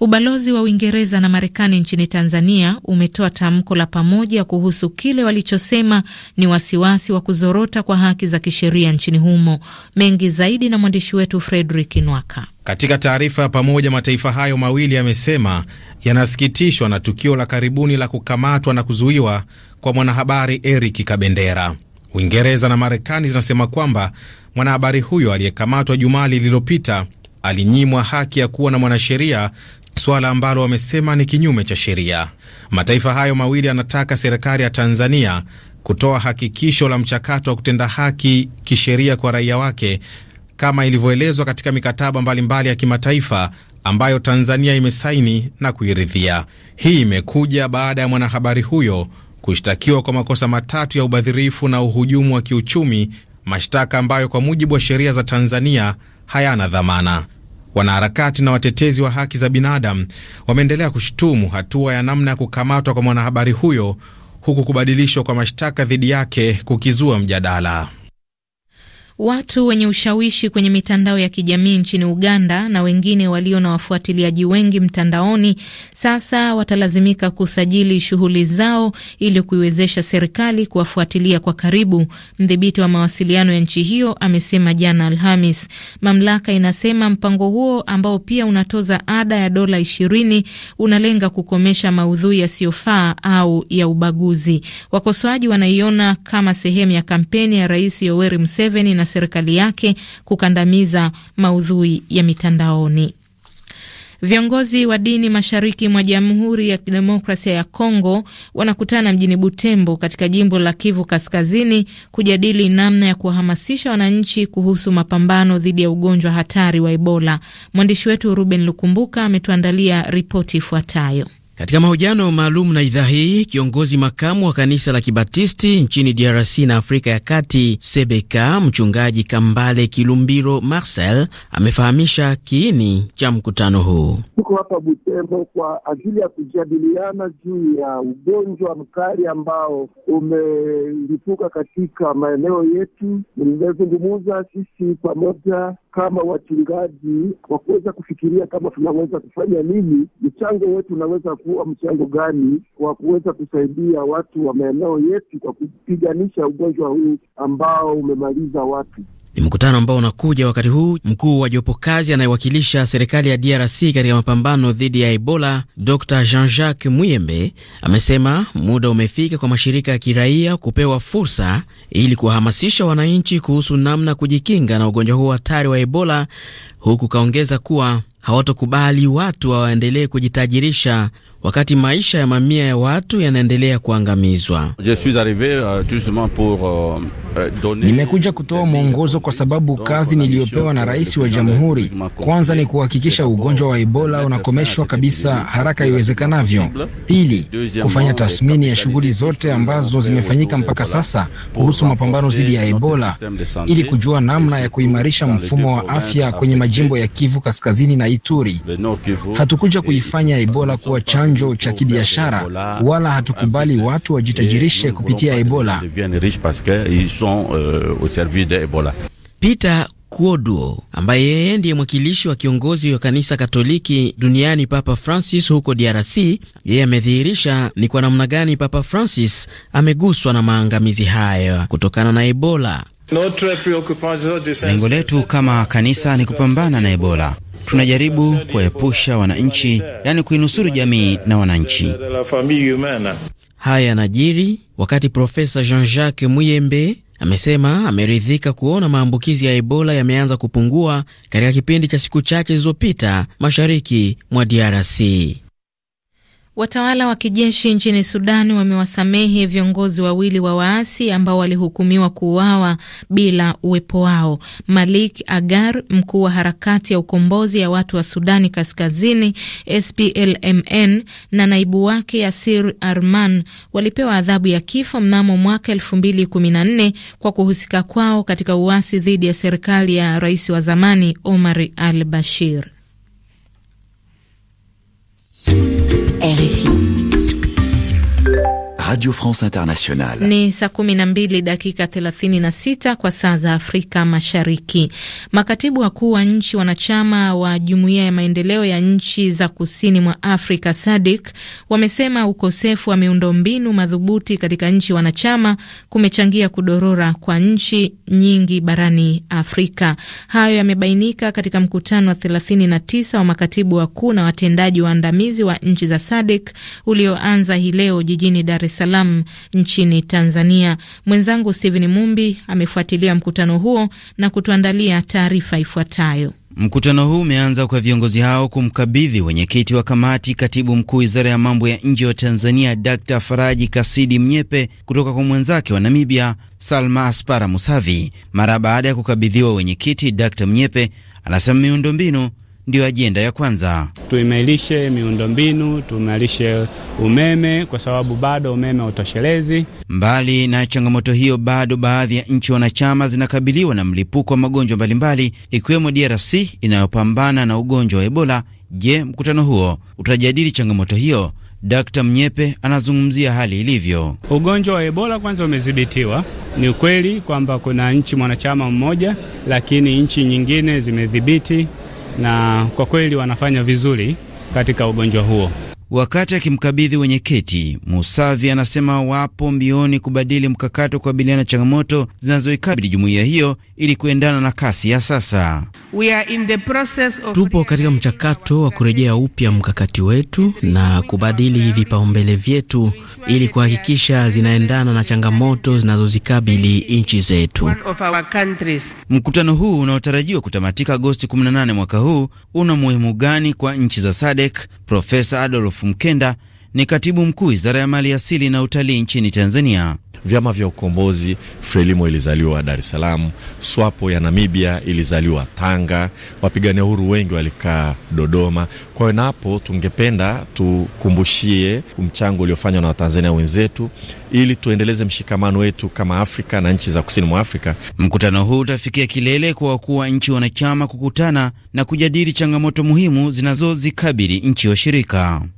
Ubalozi wa Uingereza na Marekani nchini Tanzania umetoa tamko la pamoja kuhusu kile walichosema ni wasiwasi wa kuzorota kwa haki za kisheria nchini humo. Mengi zaidi na mwandishi wetu Fredrik Nwaka. Katika taarifa ya pamoja, mataifa hayo mawili yamesema yanasikitishwa na tukio la karibuni la kukamatwa na kuzuiwa kwa mwanahabari Eric Kabendera. Uingereza na Marekani zinasema kwamba mwanahabari huyo aliyekamatwa Jumaa lililopita alinyimwa haki ya kuwa na mwanasheria, suala ambalo wamesema ni kinyume cha sheria. Mataifa hayo mawili yanataka serikali ya Tanzania kutoa hakikisho la mchakato wa kutenda haki kisheria kwa raia wake kama ilivyoelezwa katika mikataba mbalimbali mbali ya kimataifa ambayo Tanzania imesaini na kuiridhia. Hii imekuja baada ya mwanahabari huyo kushtakiwa kwa makosa matatu ya ubadhirifu na uhujumu wa kiuchumi, mashtaka ambayo kwa mujibu wa sheria za Tanzania hayana dhamana. Wanaharakati na watetezi wa haki za binadamu wameendelea kushutumu hatua ya namna ya kukamatwa kwa mwanahabari huyo huku kubadilishwa kwa mashtaka dhidi yake kukizua mjadala. Watu wenye ushawishi kwenye mitandao ya kijamii nchini Uganda na wengine walio na wafuatiliaji wengi mtandaoni sasa watalazimika kusajili shughuli zao ili kuiwezesha serikali kuwafuatilia kwa karibu. Mdhibiti wa mawasiliano ya nchi hiyo amesema jana Alhamis. Mamlaka inasema mpango huo ambao pia unatoza ada ya dola ishirini unalenga kukomesha maudhui yasiyofaa au ya ubaguzi. Wakosoaji wanaiona kama sehemu ya kampeni ya Rais Yoweri Museveni na na serikali yake kukandamiza maudhui ya mitandaoni. Viongozi wa dini mashariki mwa Jamhuri ya Kidemokrasia ya Kongo wanakutana mjini Butembo katika jimbo la Kivu Kaskazini kujadili namna ya kuwahamasisha wananchi kuhusu mapambano dhidi ya ugonjwa hatari wa Ebola. Mwandishi wetu Ruben Lukumbuka ametuandalia ripoti ifuatayo. Katika mahojiano maalum na idhaa hii, kiongozi makamu wa kanisa la Kibatisti nchini DRC na Afrika ya Kati, Sebeka, mchungaji Kambale Kilumbiro Marcel, amefahamisha kiini cha mkutano huu. Tuko hapa Butembo kwa ajili ya kujadiliana juu ya ugonjwa mkali ambao umelipuka katika maeneo yetu. Nimezungumuza sisi pamoja kama wachungaji wa kuweza kufikiria kama tunaweza kufanya nini, mchango wetu unaweza kuwa mchango gani wa kuweza kusaidia watu wa maeneo yetu kwa kupiganisha ugonjwa huu ambao umemaliza watu. Ni mkutano ambao unakuja wakati huu mkuu wa jopo kazi anayewakilisha serikali ya DRC katika mapambano dhidi ya Ebola, Dr Jean-Jacques Muyembe amesema muda umefika kwa mashirika ya kiraia kupewa fursa ili kuwahamasisha wananchi kuhusu namna kujikinga na ugonjwa huo hatari wa Ebola huku kaongeza kuwa hawatokubali watu waendelee kujitajirisha wakati maisha ya mamia ya watu yanaendelea kuangamizwa. Euh, euh, euh, Nimekuja kutoa mwongozo kwa sababu kazi niliyopewa na rais wa jamhuri kwanza ni kuhakikisha ugonjwa wa Ebola unakomeshwa kabisa haraka iwezekanavyo. Pili, kufanya tathmini ya shughuli zote ambazo zimefanyika mpaka sasa kuhusu mapambano dhidi ya Ebola ili kujua namna ya kuimarisha mfumo wa afya kwenye majimbo ya Kivu Kaskazini na Ituri. Hatukuja eh, kuifanya Ebola kuwa chanjo cha kibiashara, wala hatukubali watu wajitajirishe kupitia euh, Ebola. Peter Kuoduo ambaye yeye ndiye mwakilishi wa kiongozi wa kanisa Katoliki duniani Papa Francis huko DRC, yeye amedhihirisha ni kwa namna gani Papa Francis ameguswa na maangamizi hayo kutokana na Ebola. Lengo letu kama kanisa ni kupambana na Ebola. Tunajaribu kuwaepusha wananchi, yaani kuinusuru jamii na wananchi. Haya yanajiri wakati Profesa Jean-Jacques Muyembe amesema ameridhika kuona maambukizi ya Ebola yameanza kupungua katika kipindi cha siku chache zilizopita mashariki mwa DRC. Watawala wa kijeshi nchini Sudan wamewasamehe viongozi wawili wa waasi ambao walihukumiwa kuuawa bila uwepo wao. Malik Agar, mkuu wa harakati ya ukombozi ya watu wa Sudani Kaskazini SPLMN, na naibu wake Yasir Arman walipewa adhabu ya kifo mnamo mwaka elfu mbili kumi na nne kwa kuhusika kwao katika uasi dhidi ya serikali ya rais wa zamani Omar al Bashir. RFI. Radio France Internationale. Ni saa 12 dakika 36 kwa saa za Afrika Mashariki. Makatibu wakuu wa nchi wanachama wa Jumuiya ya Maendeleo ya Nchi za Kusini mwa Afrika SADC wamesema ukosefu wa miundombinu madhubuti katika nchi wanachama kumechangia kudorora kwa nchi nyingi barani Afrika. Hayo yamebainika katika mkutano wa 39 wa makatibu wakuu na watendaji waandamizi wa nchi za SADC ulioanza hii leo jijini Dar es Salaam nchini Tanzania. Mwenzangu Stephen Mumbi amefuatilia mkutano huo na kutuandalia taarifa ifuatayo. Mkutano huu umeanza kwa viongozi hao kumkabidhi wenyekiti wa kamati katibu mkuu wizara ya mambo ya nje wa Tanzania Dr Faraji Kasidi Mnyepe kutoka kwa mwenzake wa Namibia Salma Aspara Musavi. Mara baada ya kukabidhiwa wenyekiti, d Mnyepe anasema miundombinu ndiyo ajenda ya kwanza. Tuimarishe miundombinu, tuimarishe umeme, kwa sababu bado umeme hautoshelezi. Mbali na changamoto hiyo, bado baadhi ya nchi wanachama zinakabiliwa na mlipuko wa magonjwa mbalimbali, ikiwemo DRC inayopambana na ugonjwa wa Ebola. Je, mkutano huo utajadili changamoto hiyo? Dkt. Mnyepe anazungumzia hali ilivyo. Ugonjwa wa Ebola kwanza umedhibitiwa. Ni ukweli kwamba kuna nchi mwanachama mmoja, lakini nchi nyingine zimedhibiti na kwa kweli wanafanya vizuri katika ugonjwa huo. Wakati akimkabidhi keti Musavi anasema wapo mbioni kubadili mkakati wa kukabiliana na changamoto zinazoikabili jumuiya hiyo ili kuendana na kasi ya sasa. We are in the process of... tupo katika mchakato wa kurejea upya mkakati wetu na kubadili vipaumbele vyetu ili kuhakikisha zinaendana na changamoto zinazozikabili nchi zetu. Mkutano huu unaotarajiwa kutamatika Agosti 18 mwaka huu una muhimu gani kwa nchi za SADC? Profesa Adolf Adolf Mkenda ni katibu mkuu wizara ya mali asili na utalii nchini Tanzania. Vyama vya ukombozi Frelimo ilizaliwa Dar es Salaam, SWAPO ya Namibia ilizaliwa Tanga, wapigania uhuru wengi walikaa Dodoma. Kwa hiyo napo tungependa tukumbushie mchango uliofanywa na watanzania wenzetu ili tuendeleze mshikamano wetu kama Afrika na nchi za kusini mwa Afrika. Mkutano huu utafikia kilele kwa wakuu wa nchi wanachama kukutana na kujadili changamoto muhimu zinazozikabili nchi washirika.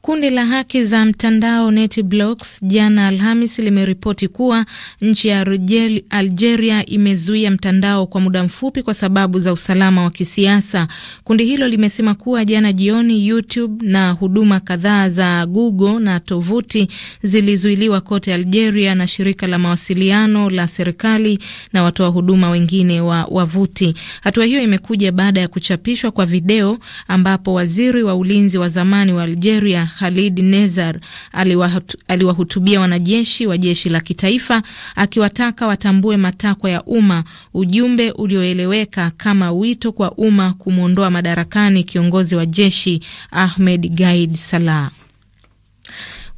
Kundi la haki za mtandao NetBlocks jana Alhamis limeripoti kuwa nchi ya Algeria imezuia mtandao kwa muda mfupi kwa sababu za usalama wa kisiasa. Kundi hilo limesema kuwa jana jioni, YouTube na huduma kadhaa za Google na tovuti zilizuiliwa kote Algeria na shirika la mawasiliano la serikali na watoa huduma wengine wa wavuti. Hatua hiyo imekuja baada ya kuchapishwa kwa video ambapo waziri wa ulinzi wa zamani wa Algeria Khalid Nezar aliwahutubia wanajeshi wa jeshi la kitaifa akiwataka watambue matakwa ya umma, ujumbe ulioeleweka kama wito kwa umma kumwondoa madarakani kiongozi wa jeshi Ahmed Gaid Salah.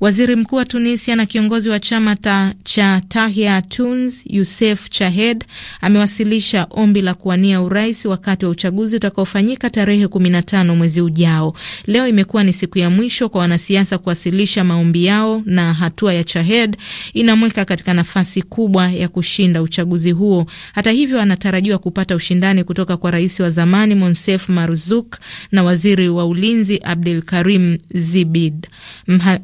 Waziri mkuu wa Tunisia na kiongozi wa chama ta, cha Tahya Tuns yusef Chahed amewasilisha ombi la kuwania urais wakati wa uchaguzi utakaofanyika tarehe 15 mwezi ujao. Leo imekuwa ni siku ya mwisho kwa wanasiasa kuwasilisha maombi yao, na hatua ya Chahed inamweka katika nafasi kubwa ya kushinda uchaguzi huo. Hata hivyo, anatarajiwa kupata ushindani kutoka kwa rais wa zamani Monsef Marzuk na waziri wa ulinzi abdul Karim Zibid Mha,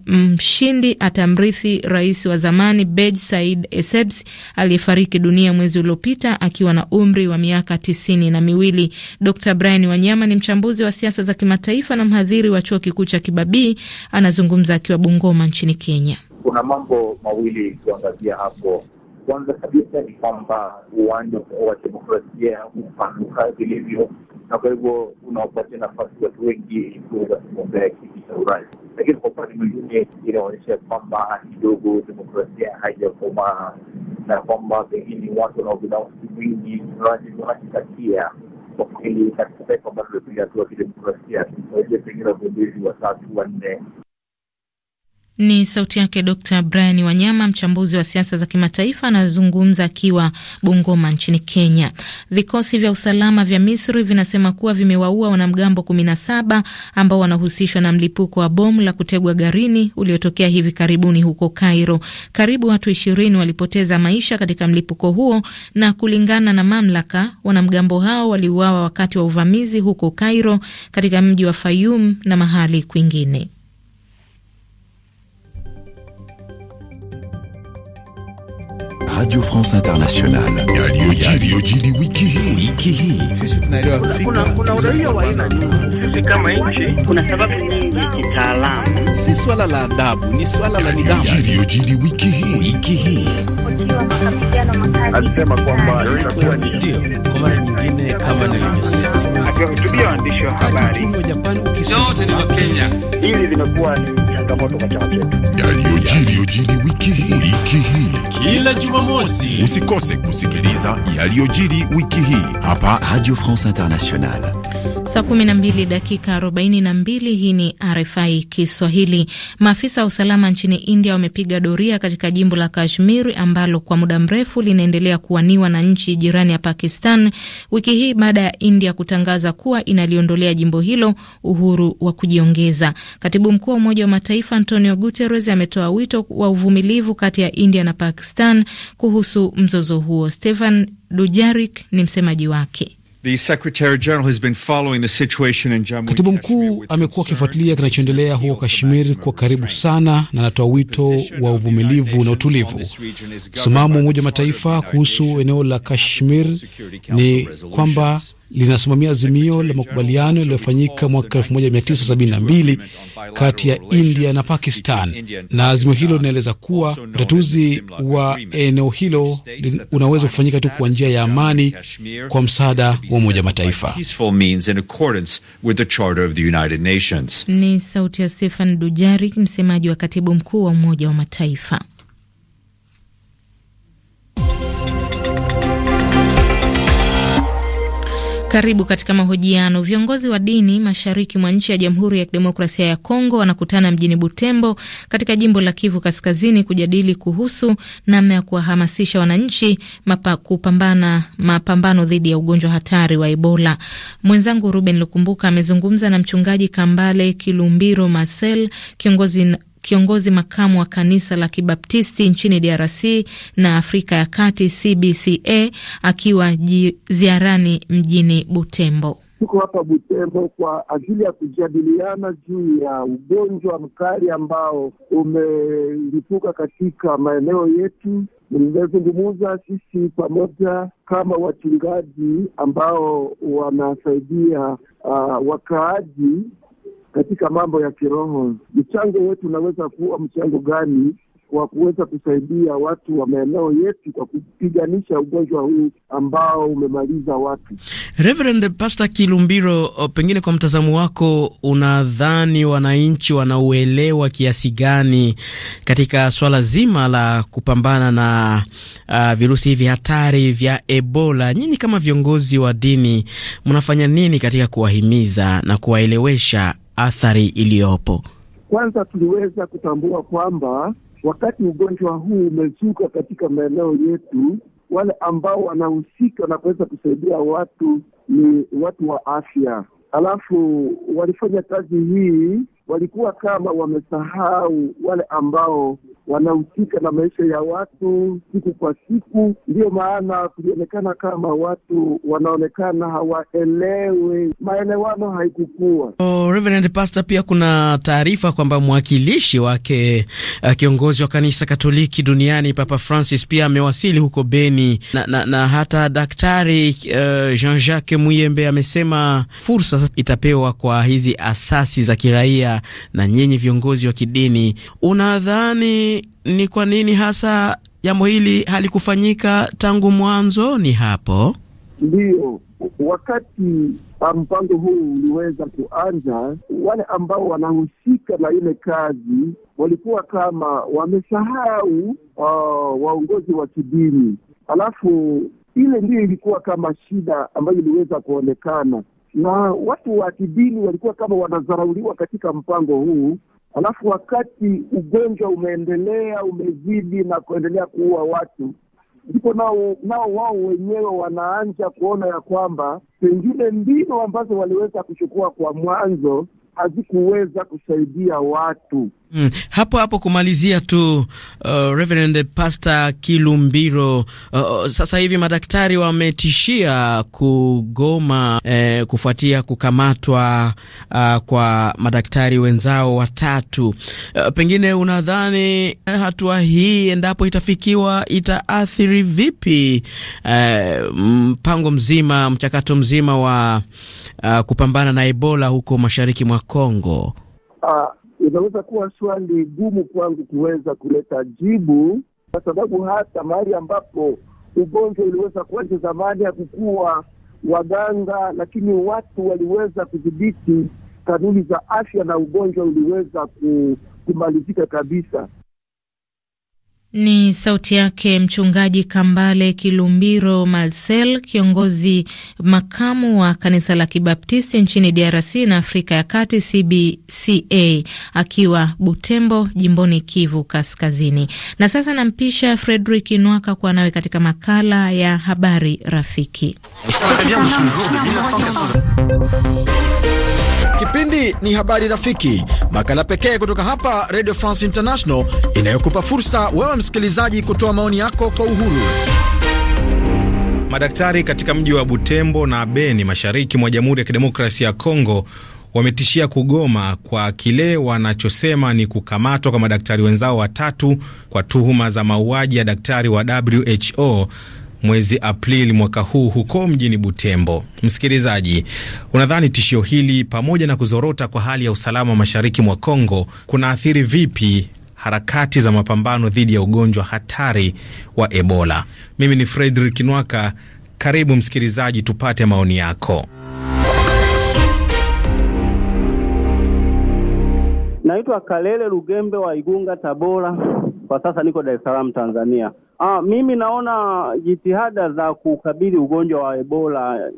mshindi atamrithi rais wa zamani Bej Said Essebsi aliyefariki dunia mwezi uliopita akiwa na umri wa miaka tisini na miwili. Dr Brian Wanyama ni mchambuzi wa siasa za kimataifa na mhadhiri wa chuo kikuu cha Kibabii. Anazungumza akiwa Bungoma nchini Kenya. Kuna mambo mawili kuangazia hapo. Kwanza kabisa ni kwamba uwanja wa demokrasia hupanuka vilivyo, na kwa hivyo unaopatia nafasi watu wengi ili kuweza kugombea kiti cha urais. Lakini kwa upande mwingine inaonyesha kwamba kidogo demokrasia haijakomaa na kwamba pengine watu wanaobinafsi mwingi wanajitakia kwa kweli katika taifa ambalo limepiga hatua kidemokrasia, pengine wagombezi watatu wanne ni sauti yake Dr Brian Wanyama, mchambuzi wa siasa za kimataifa, anazungumza akiwa Bungoma nchini Kenya. Vikosi vya usalama vya Misri vinasema kuwa vimewaua wanamgambo 17 ambao wanahusishwa na mlipuko wa bomu la kutegwa garini uliotokea hivi karibuni huko Cairo. Karibu watu 20 walipoteza maisha katika mlipuko huo, na kulingana na mamlaka, wanamgambo hao waliuawa wakati wa uvamizi huko Cairo, katika mji wa Fayum na mahali kwingine. Radio France Internationale. Si swala la adabu, ni swala la nidhamu. wiki hii. ndio kwa mara nyingine kama nilivyosema. Akihutubia Yote ni Hili changamoto Yaliyojiri wiki hii kila Jumamosi, usikose kusikiliza yaliyojiri wiki hii hapa Radio France Internationale. Saa 12 dakika 42. Hii ni RFI Kiswahili. Maafisa wa usalama nchini India wamepiga doria katika jimbo la Kashmiri ambalo kwa muda mrefu linaendelea kuwaniwa na nchi jirani ya Pakistan, wiki hii baada ya India kutangaza kuwa inaliondolea jimbo hilo uhuru wa kujiongeza. Katibu mkuu wa Umoja wa Mataifa Antonio Guterres ametoa wito wa uvumilivu kati ya India na Pakistan kuhusu mzozo huo. Stefan Dujarik ni msemaji wake. Katibu mkuu amekuwa akifuatilia kinachoendelea huko Kashmir kwa karibu sana na anatoa wito wa uvumilivu na utulivu. Msimamo wa Umoja wa Mataifa kuhusu eneo la Kashmir ni kwamba linasimamia azimio la makubaliano yaliyofanyika mwaka 1972 kati ya India na Pakistan, na azimio hilo linaeleza kuwa utatuzi wa eneo hilo unaweza kufanyika tu kwa njia ya amani kwa msaada wa Umoja Mataifa. Ni sauti ya Stefan Dujarik, msemaji wa katibu mkuu wa Umoja wa Mataifa. Karibu katika mahojiano. Viongozi wa dini mashariki mwa nchi ya Jamhuri ya Kidemokrasia ya Kongo wanakutana mjini Butembo katika jimbo la Kivu Kaskazini kujadili kuhusu namna ya kuwahamasisha wananchi mapa, kupambana mapambano dhidi ya ugonjwa hatari wa Ebola. Mwenzangu Ruben Lukumbuka amezungumza na mchungaji Kambale Kilumbiro Marcel, kiongozi kiongozi makamu wa kanisa la Kibaptisti nchini DRC na Afrika ya Kati CBCA akiwa ziarani mjini Butembo. Tuko hapa Butembo kwa ajili ya kujadiliana juu ya ugonjwa mkali ambao umelipuka katika maeneo yetu. Nimezungumuza sisi pamoja kama wachungaji ambao wanasaidia uh, wakaaji katika mambo ya kiroho. Mchango wetu unaweza kuwa mchango gani wa kuweza kusaidia watu wa maeneo yetu kwa kupiganisha ugonjwa huu ambao umemaliza watu. Reverend Pastor Kilumbiro, pengine kwa mtazamo wako, unadhani wananchi wanauelewa kiasi gani katika swala zima la kupambana na uh, virusi hivi hatari vya Ebola? Nyinyi kama viongozi wa dini mnafanya nini katika kuwahimiza na kuwaelewesha athari iliyopo? Kwanza tuliweza kutambua kwamba wakati ugonjwa huu umezuka katika maeneo yetu, wale ambao wanahusika na kuweza kusaidia watu ni watu wa afya. Alafu walifanya kazi hii walikuwa kama wamesahau wale ambao wanahusika na maisha ya watu siku kwa siku. Ndiyo maana kulionekana kama watu wanaonekana hawaelewi, maelewano haikukua. Oh, Reverend Pastor, pia kuna taarifa kwamba mwakilishi wake uh, kiongozi wa kanisa Katoliki duniani Papa Francis pia amewasili huko Beni na, na, na hata Daktari uh, Jean-Jacques Muyembe amesema fursa itapewa kwa hizi asasi za kiraia na nyinyi viongozi wa kidini. Unadhani ni kwa nini hasa jambo hili halikufanyika tangu mwanzo? Ni hapo ndio wakati ah, mpango huu uliweza kuanza, wale ambao wanahusika na ile kazi walikuwa kama wamesahau uh, waongozi wa kidini, alafu ile ndio ilikuwa kama shida ambayo iliweza kuonekana, na watu wa kidini walikuwa kama wanadharauliwa katika mpango huu, Alafu wakati ugonjwa umeendelea umezidi na kuendelea kuua watu, ndipo nao nao wao wenyewe wanaanza kuona ya kwamba pengine mbinu ambazo waliweza kuchukua kwa mwanzo hazikuweza kusaidia watu. Mm, hapo hapo kumalizia tu uh, Reverend Pastor Kilumbiro uh, uh, sasa hivi madaktari wametishia kugoma eh, kufuatia kukamatwa uh, kwa madaktari wenzao watatu. Uh, pengine unadhani eh, hatua hii endapo itafikiwa itaathiri vipi uh, mpango mzima, mchakato mzima wa uh, kupambana na Ebola huko mashariki mwa Kongo? Ah, inaweza kuwa swali gumu kwangu kuweza kuleta jibu, kwa sababu hata mahali ambapo ugonjwa uliweza kuanza zamani hakukuwa waganga, lakini watu waliweza kudhibiti kanuni za afya na ugonjwa uliweza kumalizika kabisa. Ni sauti yake mchungaji Kambale Kilumbiro Malsel, kiongozi makamu wa kanisa la Kibaptisti nchini DRC na Afrika ya Kati, CBCA, akiwa Butembo, jimboni Kivu Kaskazini. Na sasa nampisha Fredrik nwaka kuwa nawe katika makala ya habari rafiki Kipindi ni Habari Rafiki, makala pekee kutoka hapa Radio France International inayokupa fursa wewe msikilizaji kutoa maoni yako kwa uhuru. Madaktari katika mji wa Butembo na Beni, mashariki mwa Jamhuri ya Kidemokrasia ya Kongo, wametishia kugoma kwa kile wanachosema ni kukamatwa kwa madaktari wenzao watatu kwa tuhuma za mauaji ya daktari wa WHO mwezi Aprili mwaka huu huko mjini Butembo. Msikilizaji, unadhani tishio hili pamoja na kuzorota kwa hali ya usalama mashariki mwa Kongo kunaathiri vipi harakati za mapambano dhidi ya ugonjwa hatari wa Ebola? Mimi ni Fredrik Nwaka. Karibu msikilizaji, tupate maoni yako. Naitwa Kalele Lugembe wa Igunga, Tabora. Kwa sasa niko Dar es Salaam, Tanzania. Ah, mimi naona jitihada za kukabili ugonjwa wa Ebola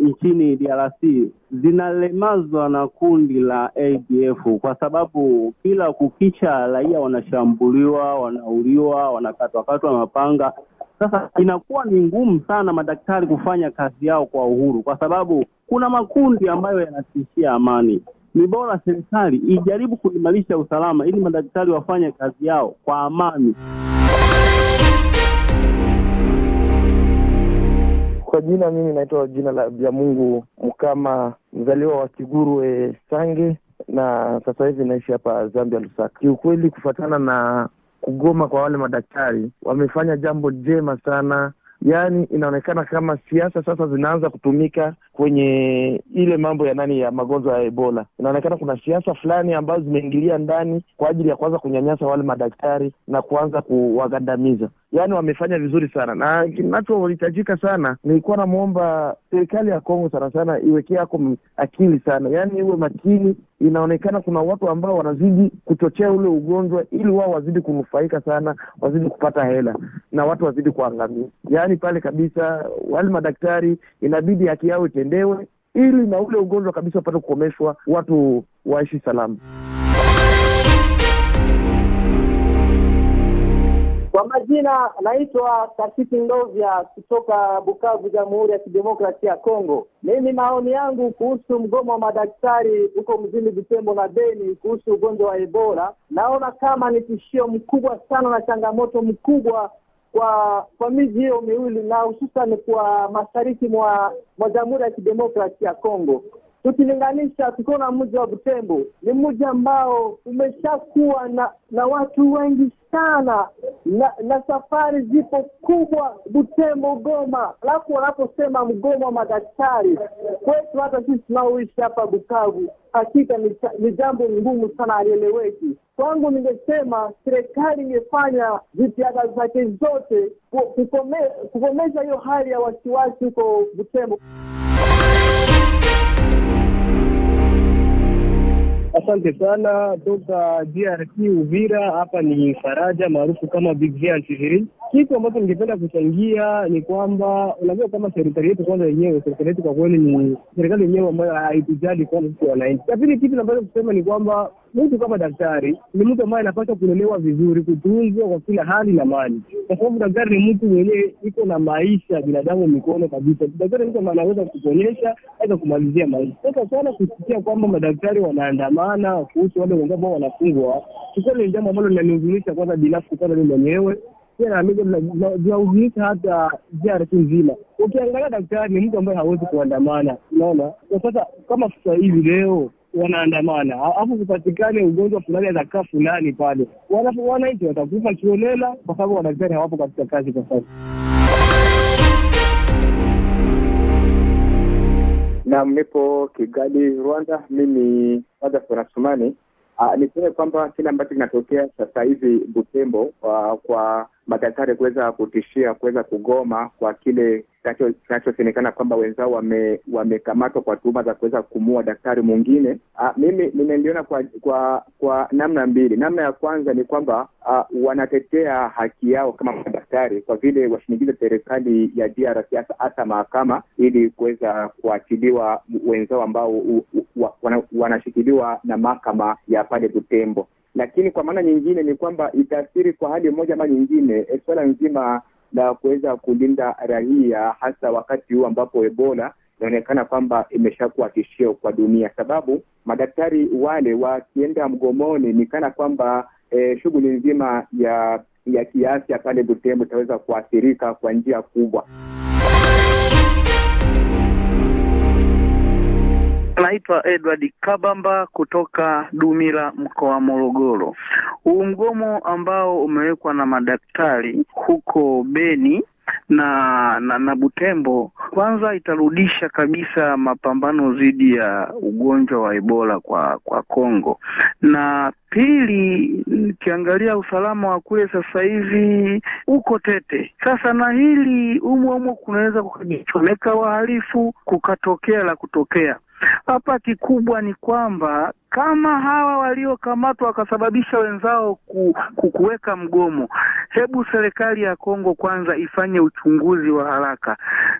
nchini DRC zinalemazwa na kundi la ADF kwa sababu kila kukicha raia wanashambuliwa, wanauliwa, wanakatwakatwa mapanga. Sasa inakuwa ni ngumu sana madaktari kufanya kazi yao kwa uhuru, kwa sababu kuna makundi ambayo yanatishia amani ni bora serikali ijaribu kuimarisha usalama ili madaktari wafanye kazi yao kwa amani. Kwa jina mimi naitwa jina la vya Mungu Mkama, mzaliwa wa Kigurwe Sange, na sasa hivi naishi hapa Zambia, Lusaka. Kiukweli, kufuatana na kugoma kwa wale madaktari, wamefanya jambo jema sana Yaani inaonekana kama siasa sasa zinaanza kutumika kwenye ile mambo ya nani ya magonjwa ya Ebola. Inaonekana kuna siasa fulani ambazo zimeingilia ndani kwa ajili ya kuanza kunyanyasa wale madaktari na kuanza kuwagandamiza yani wamefanya vizuri sana, na kinachohitajika sana, nilikuwa namwomba serikali ya Kongo sana sana iwekee ako akili sana, yani iwe makini. Inaonekana kuna watu ambao wanazidi kuchochea ule ugonjwa ili wao wazidi kunufaika sana, wazidi kupata hela na watu wazidi kuangamia. Yani pale kabisa wale madaktari inabidi haki yao itendewe, ili na ule ugonjwa kabisa upate kukomeshwa, watu waishi salama. Kwa majina naitwa Kasiki Ndovya kutoka Bukavu, Jamhuri ya Kidemokrasia ya Kongo. Mimi maoni yangu kuhusu mgomo wa madaktari huko mjini Butembo na Beni kuhusu ugonjwa wa Ebola, naona kama ni tishio mkubwa sana na changamoto mkubwa kwa kwa miji hiyo miwili na hususan kwa mashariki mwa, mwa Jamhuri ya Kidemokrasia ya Kongo. Tukilinganisha, tukiona mji wa Butembo ni mji ambao umeshakuwa na, na watu wengi sana na, na safari zipo kubwa Butembo Goma, alafu wanaposema mgomo wa madaktari kwetu, hata sisi tunaoishi hapa Bukavu, hakika ni jambo ngumu sana, alieleweki Kwangu ningesema serikali ingefanya jitihada zake zote kukomesha hiyo hali ya wasiwasi huko Butembo. Asante sana toka DRC Uvira, hapa ni Faraja maarufu kama Big Kitu ambacho ningependa kuchangia ni kwamba unajua, kama serikali yetu kwanza, yenyewe serikali yetu kwa kweli ni serikali yenyewe ambayo haitujali kwa wananchi. Lakini kitu ambacho kusema ni kwamba mtu kama daktari ni mtu ambaye anapaswa kulelewa vizuri, kutunzwa kwa kila hali na mali, kwa sababu daktari ni mtu mwenyewe iko na maisha ya binadamu mikono kabisa. Daktari mtu ambaye anaweza kuponyesha, aweza kumalizia maisha. Sasa sana kusikia kwamba madaktari wanaandamana kuhusu wale wengi ambao wanafungwa, kikweli ni jambo ambalo linanihuzunisha kwanza binafsi, kwanza mimi mwenyewe pia naamini zinahuzunisha hata DRC nzima. Ukiangalia daktari ni mtu ambaye hawezi kuandamana, unaona. Sasa kama sasa hivi leo wanaandamana, alafu kupatikane ugonjwa fulani atakaa fulani pale, wananchi watakufa kiolela, kwa sababu wadaktari hawapo katika kazi kwa sasa. Nam, nipo Kigali, Rwanda. Mimi Adafora Sumani. Ah, niseme kwamba kile ambacho kinatokea sasa hivi Butembo ah, kwa madaktari kuweza kutishia kuweza kugoma kwa kile kinachosemekana kwamba wenzao wamekamatwa wame kwa tuhuma za kuweza kumua daktari mwingine. Ah, mimi nimeliona kwa, kwa kwa namna mbili. Namna ya kwanza ni kwamba a, ah, wanatetea haki yao kama madaktari kwa vile washinikiza serikali ya DRC hasa mahakama ili kuweza kuachiliwa wenzao ambao wanashikiliwa na mahakama ya pale Butembo lakini kwa maana nyingine ni kwamba itaathiri kwa hali moja ama nyingine eh, swala nzima la kuweza kulinda raia, hasa wakati huu ambapo Ebola inaonekana kwamba imeshakuwa tishio kwa dunia, sababu madaktari wale wakienda mgomoni ni kana kwamba eh, shughuli nzima ya ya kiafya pale Butembo itaweza kuathirika kwa njia kubwa. Naitwa Edward Kabamba kutoka Dumila mkoa wa Morogoro. Huu mgomo ambao umewekwa na madaktari huko Beni na, na na Butembo kwanza itarudisha kabisa mapambano dhidi ya ugonjwa wa Ebola kwa kwa Kongo, na pili nikiangalia usalama wa kule sasa hivi uko tete. Sasa na hili umwe umo kunaweza kukajichomeka wahalifu kukatokea la kutokea. Hapa kikubwa ni kwamba kama hawa waliokamatwa wakasababisha wenzao ku, kuweka mgomo, hebu serikali ya Kongo kwanza ifanye uchunguzi wa haraka.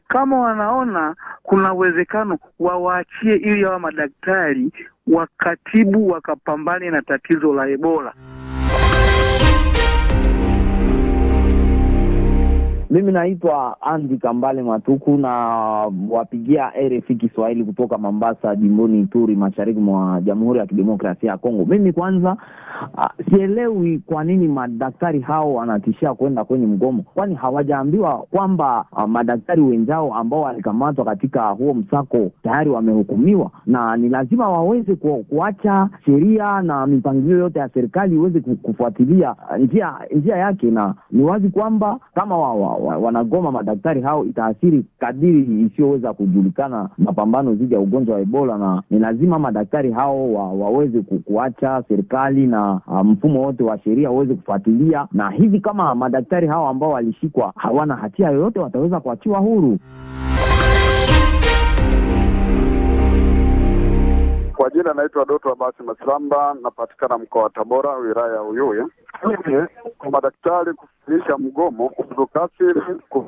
Kama wanaona kuna uwezekano, wawaachie ili hawa madaktari wakatibu wakapambane na tatizo la Ebola. Mimi naitwa Andi Kambale Matuku na wapigia RFI Kiswahili kutoka Mombasa, jimboni turi mashariki mwa Jamhuri ya Kidemokrasia ya Kongo. Mimi kwanza, uh, sielewi kwa nini madaktari hao wanatishia kwenda kwenye mgomo, kwani hawajaambiwa kwamba uh, madaktari wenzao ambao walikamatwa katika huo msako tayari wamehukumiwa, na ni lazima waweze ku, kuacha sheria na mipangilio yote ya serikali iweze kufuatilia ah, njia njia yake, na ni wazi kwamba kama wawa wanagoma madaktari hao itaathiri kadiri isiyoweza kujulikana mapambano dhidi ya ugonjwa wa Ebola, na ni lazima madaktari hao wa, waweze kuacha serikali na uh, mfumo wote wa sheria waweze kufuatilia, na hivi kama madaktari hao ambao walishikwa hawana hatia yoyote wataweza kuachiwa huru. Kwa jina naitwa Doto Abasi Masilamba, napatikana mkoa wa Tabora, wilaya ya Uyui ike kwa madaktari kusitisha mgomo kutokasiri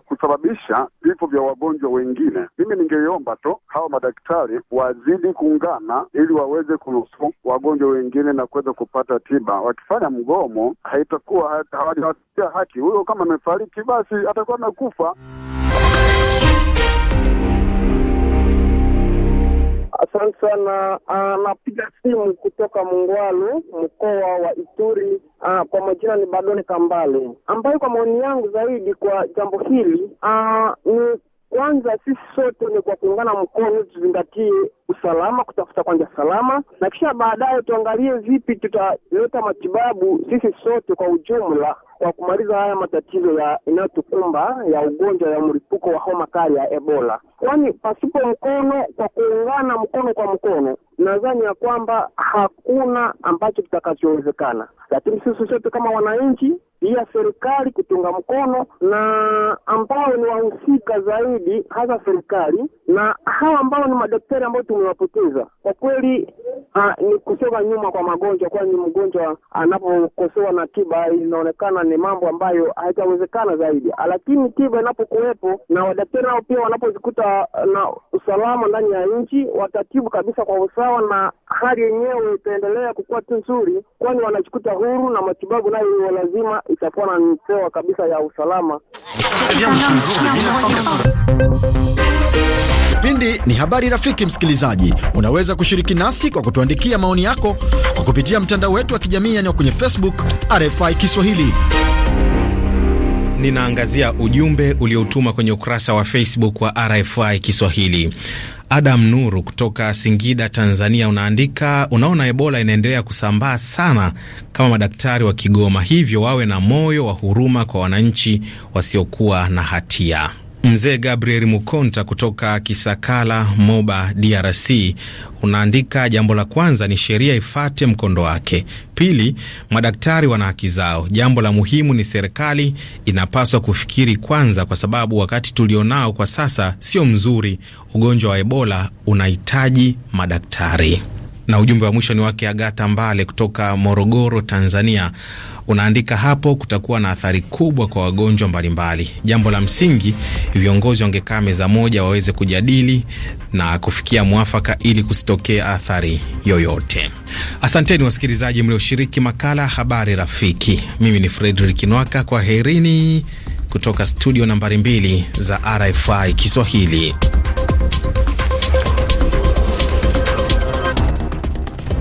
kusababisha vifo vya wagonjwa wengine. Mimi ningeomba tu hawa madaktari wazidi kuungana ili waweze kunusu wagonjwa wengine na kuweza kupata tiba. Wakifanya mgomo haitakuwa hawajawatia haki. Huyo kama amefariki, basi atakuwa amekufa. Asante sana. Anapiga ah, simu kutoka Mungwalu, mkoa wa Ituri. Aa, ah, kwa majina ni Badone Kambale, ambayo kwa maoni yangu zaidi kwa jambo hili aa, ah, ni kwanza sisi sote ni kwa kuungana mkono, tuzingatie usalama, kutafuta kwanza salama, na kisha baadaye tuangalie vipi tutaleta matibabu sisi sote kwa ujumla, kwa kumaliza haya matatizo ya inayotukumba ya ugonjwa ya mlipuko wa homa kali ya Ebola, kwani pasipo mkono, kwa kuungana mkono kwa mkono nadhani ya kwamba hakuna ambacho kitakachowezekana, lakini sisi sote kama wananchi, pia serikali kutunga mkono na ambao ni wahusika zaidi, hasa serikali na hawa ambao ni madaktari ambao tumewapoteza kwa kweli. Ha, ni kusonga nyuma kwa magonjwa, kwani mgonjwa anapokosewa na tiba inaonekana ni mambo ambayo haitawezekana zaidi, lakini tiba inapokuwepo na wadaktari nao pia wanapozikuta na usalama ndani ya nchi watatibu kabisa kwa usawa sawa na hali yenyewe itaendelea kukuwa tu nzuri, kwani wanajikuta huru na matibabu nayo lazima itakuwa na msewa kabisa ya usalama. Kipindi ni habari rafiki. Msikilizaji, unaweza kushiriki nasi kwa kutuandikia maoni yako kwa kupitia mtandao wetu wa kijamii yani kwenye Facebook RFI Kiswahili. Ninaangazia ujumbe uliotuma kwenye ukurasa wa Facebook wa RFI Kiswahili. Adam Nuru kutoka Singida, Tanzania, unaandika, unaona Ebola inaendelea kusambaa sana, kama madaktari wa Kigoma hivyo wawe na moyo wa huruma kwa wananchi wasiokuwa na hatia. Mzee Gabriel Mukonta kutoka Kisakala, Moba, DRC unaandika, jambo la kwanza ni sheria ifate mkondo wake. Pili, madaktari wana haki zao. Jambo la muhimu ni serikali inapaswa kufikiri kwanza, kwa sababu wakati tulionao kwa sasa sio mzuri. Ugonjwa wa Ebola unahitaji madaktari. Na ujumbe wa mwisho ni wake Agata Mbale kutoka Morogoro, Tanzania. Unaandika hapo, kutakuwa na athari kubwa kwa wagonjwa mbalimbali. Jambo la msingi, viongozi wangekaa meza moja, waweze kujadili na kufikia mwafaka ili kusitokee athari yoyote. Asanteni wasikilizaji mlioshiriki makala Habari Rafiki. Mimi ni Fredrik Nwaka, kwa herini kutoka studio nambari mbili za RFI Kiswahili.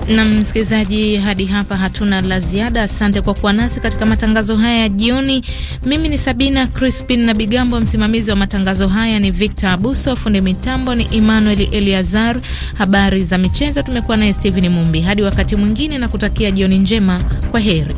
Na msikilizaji, hadi hapa hatuna la ziada. Asante kwa kuwa nasi katika matangazo haya ya jioni. Mimi ni Sabina Crispin na Bigambo, msimamizi wa matangazo haya ni Victor Abuso, fundi mitambo ni Emmanuel Eliazar. Habari za michezo tumekuwa naye Steven Mumbi. Hadi wakati mwingine, na kutakia jioni njema, kwa heri.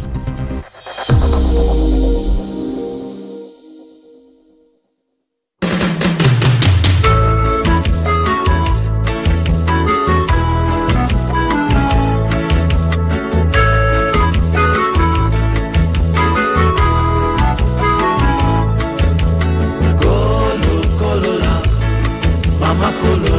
you.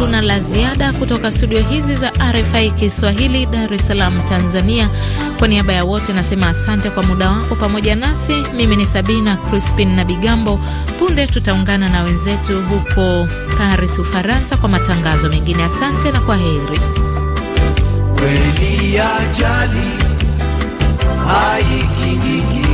hatuna la ziada kutoka studio hizi za RFI Kiswahili, Dar es Salaam, Tanzania. Kwa niaba ya wote nasema asante kwa muda wako pamoja nasi. Mimi ni Sabina Crispin na Bigambo. Punde tutaungana na wenzetu huko Paris, Ufaransa, kwa matangazo mengine. Asante na kwa heri. Kweli ajali haikingiki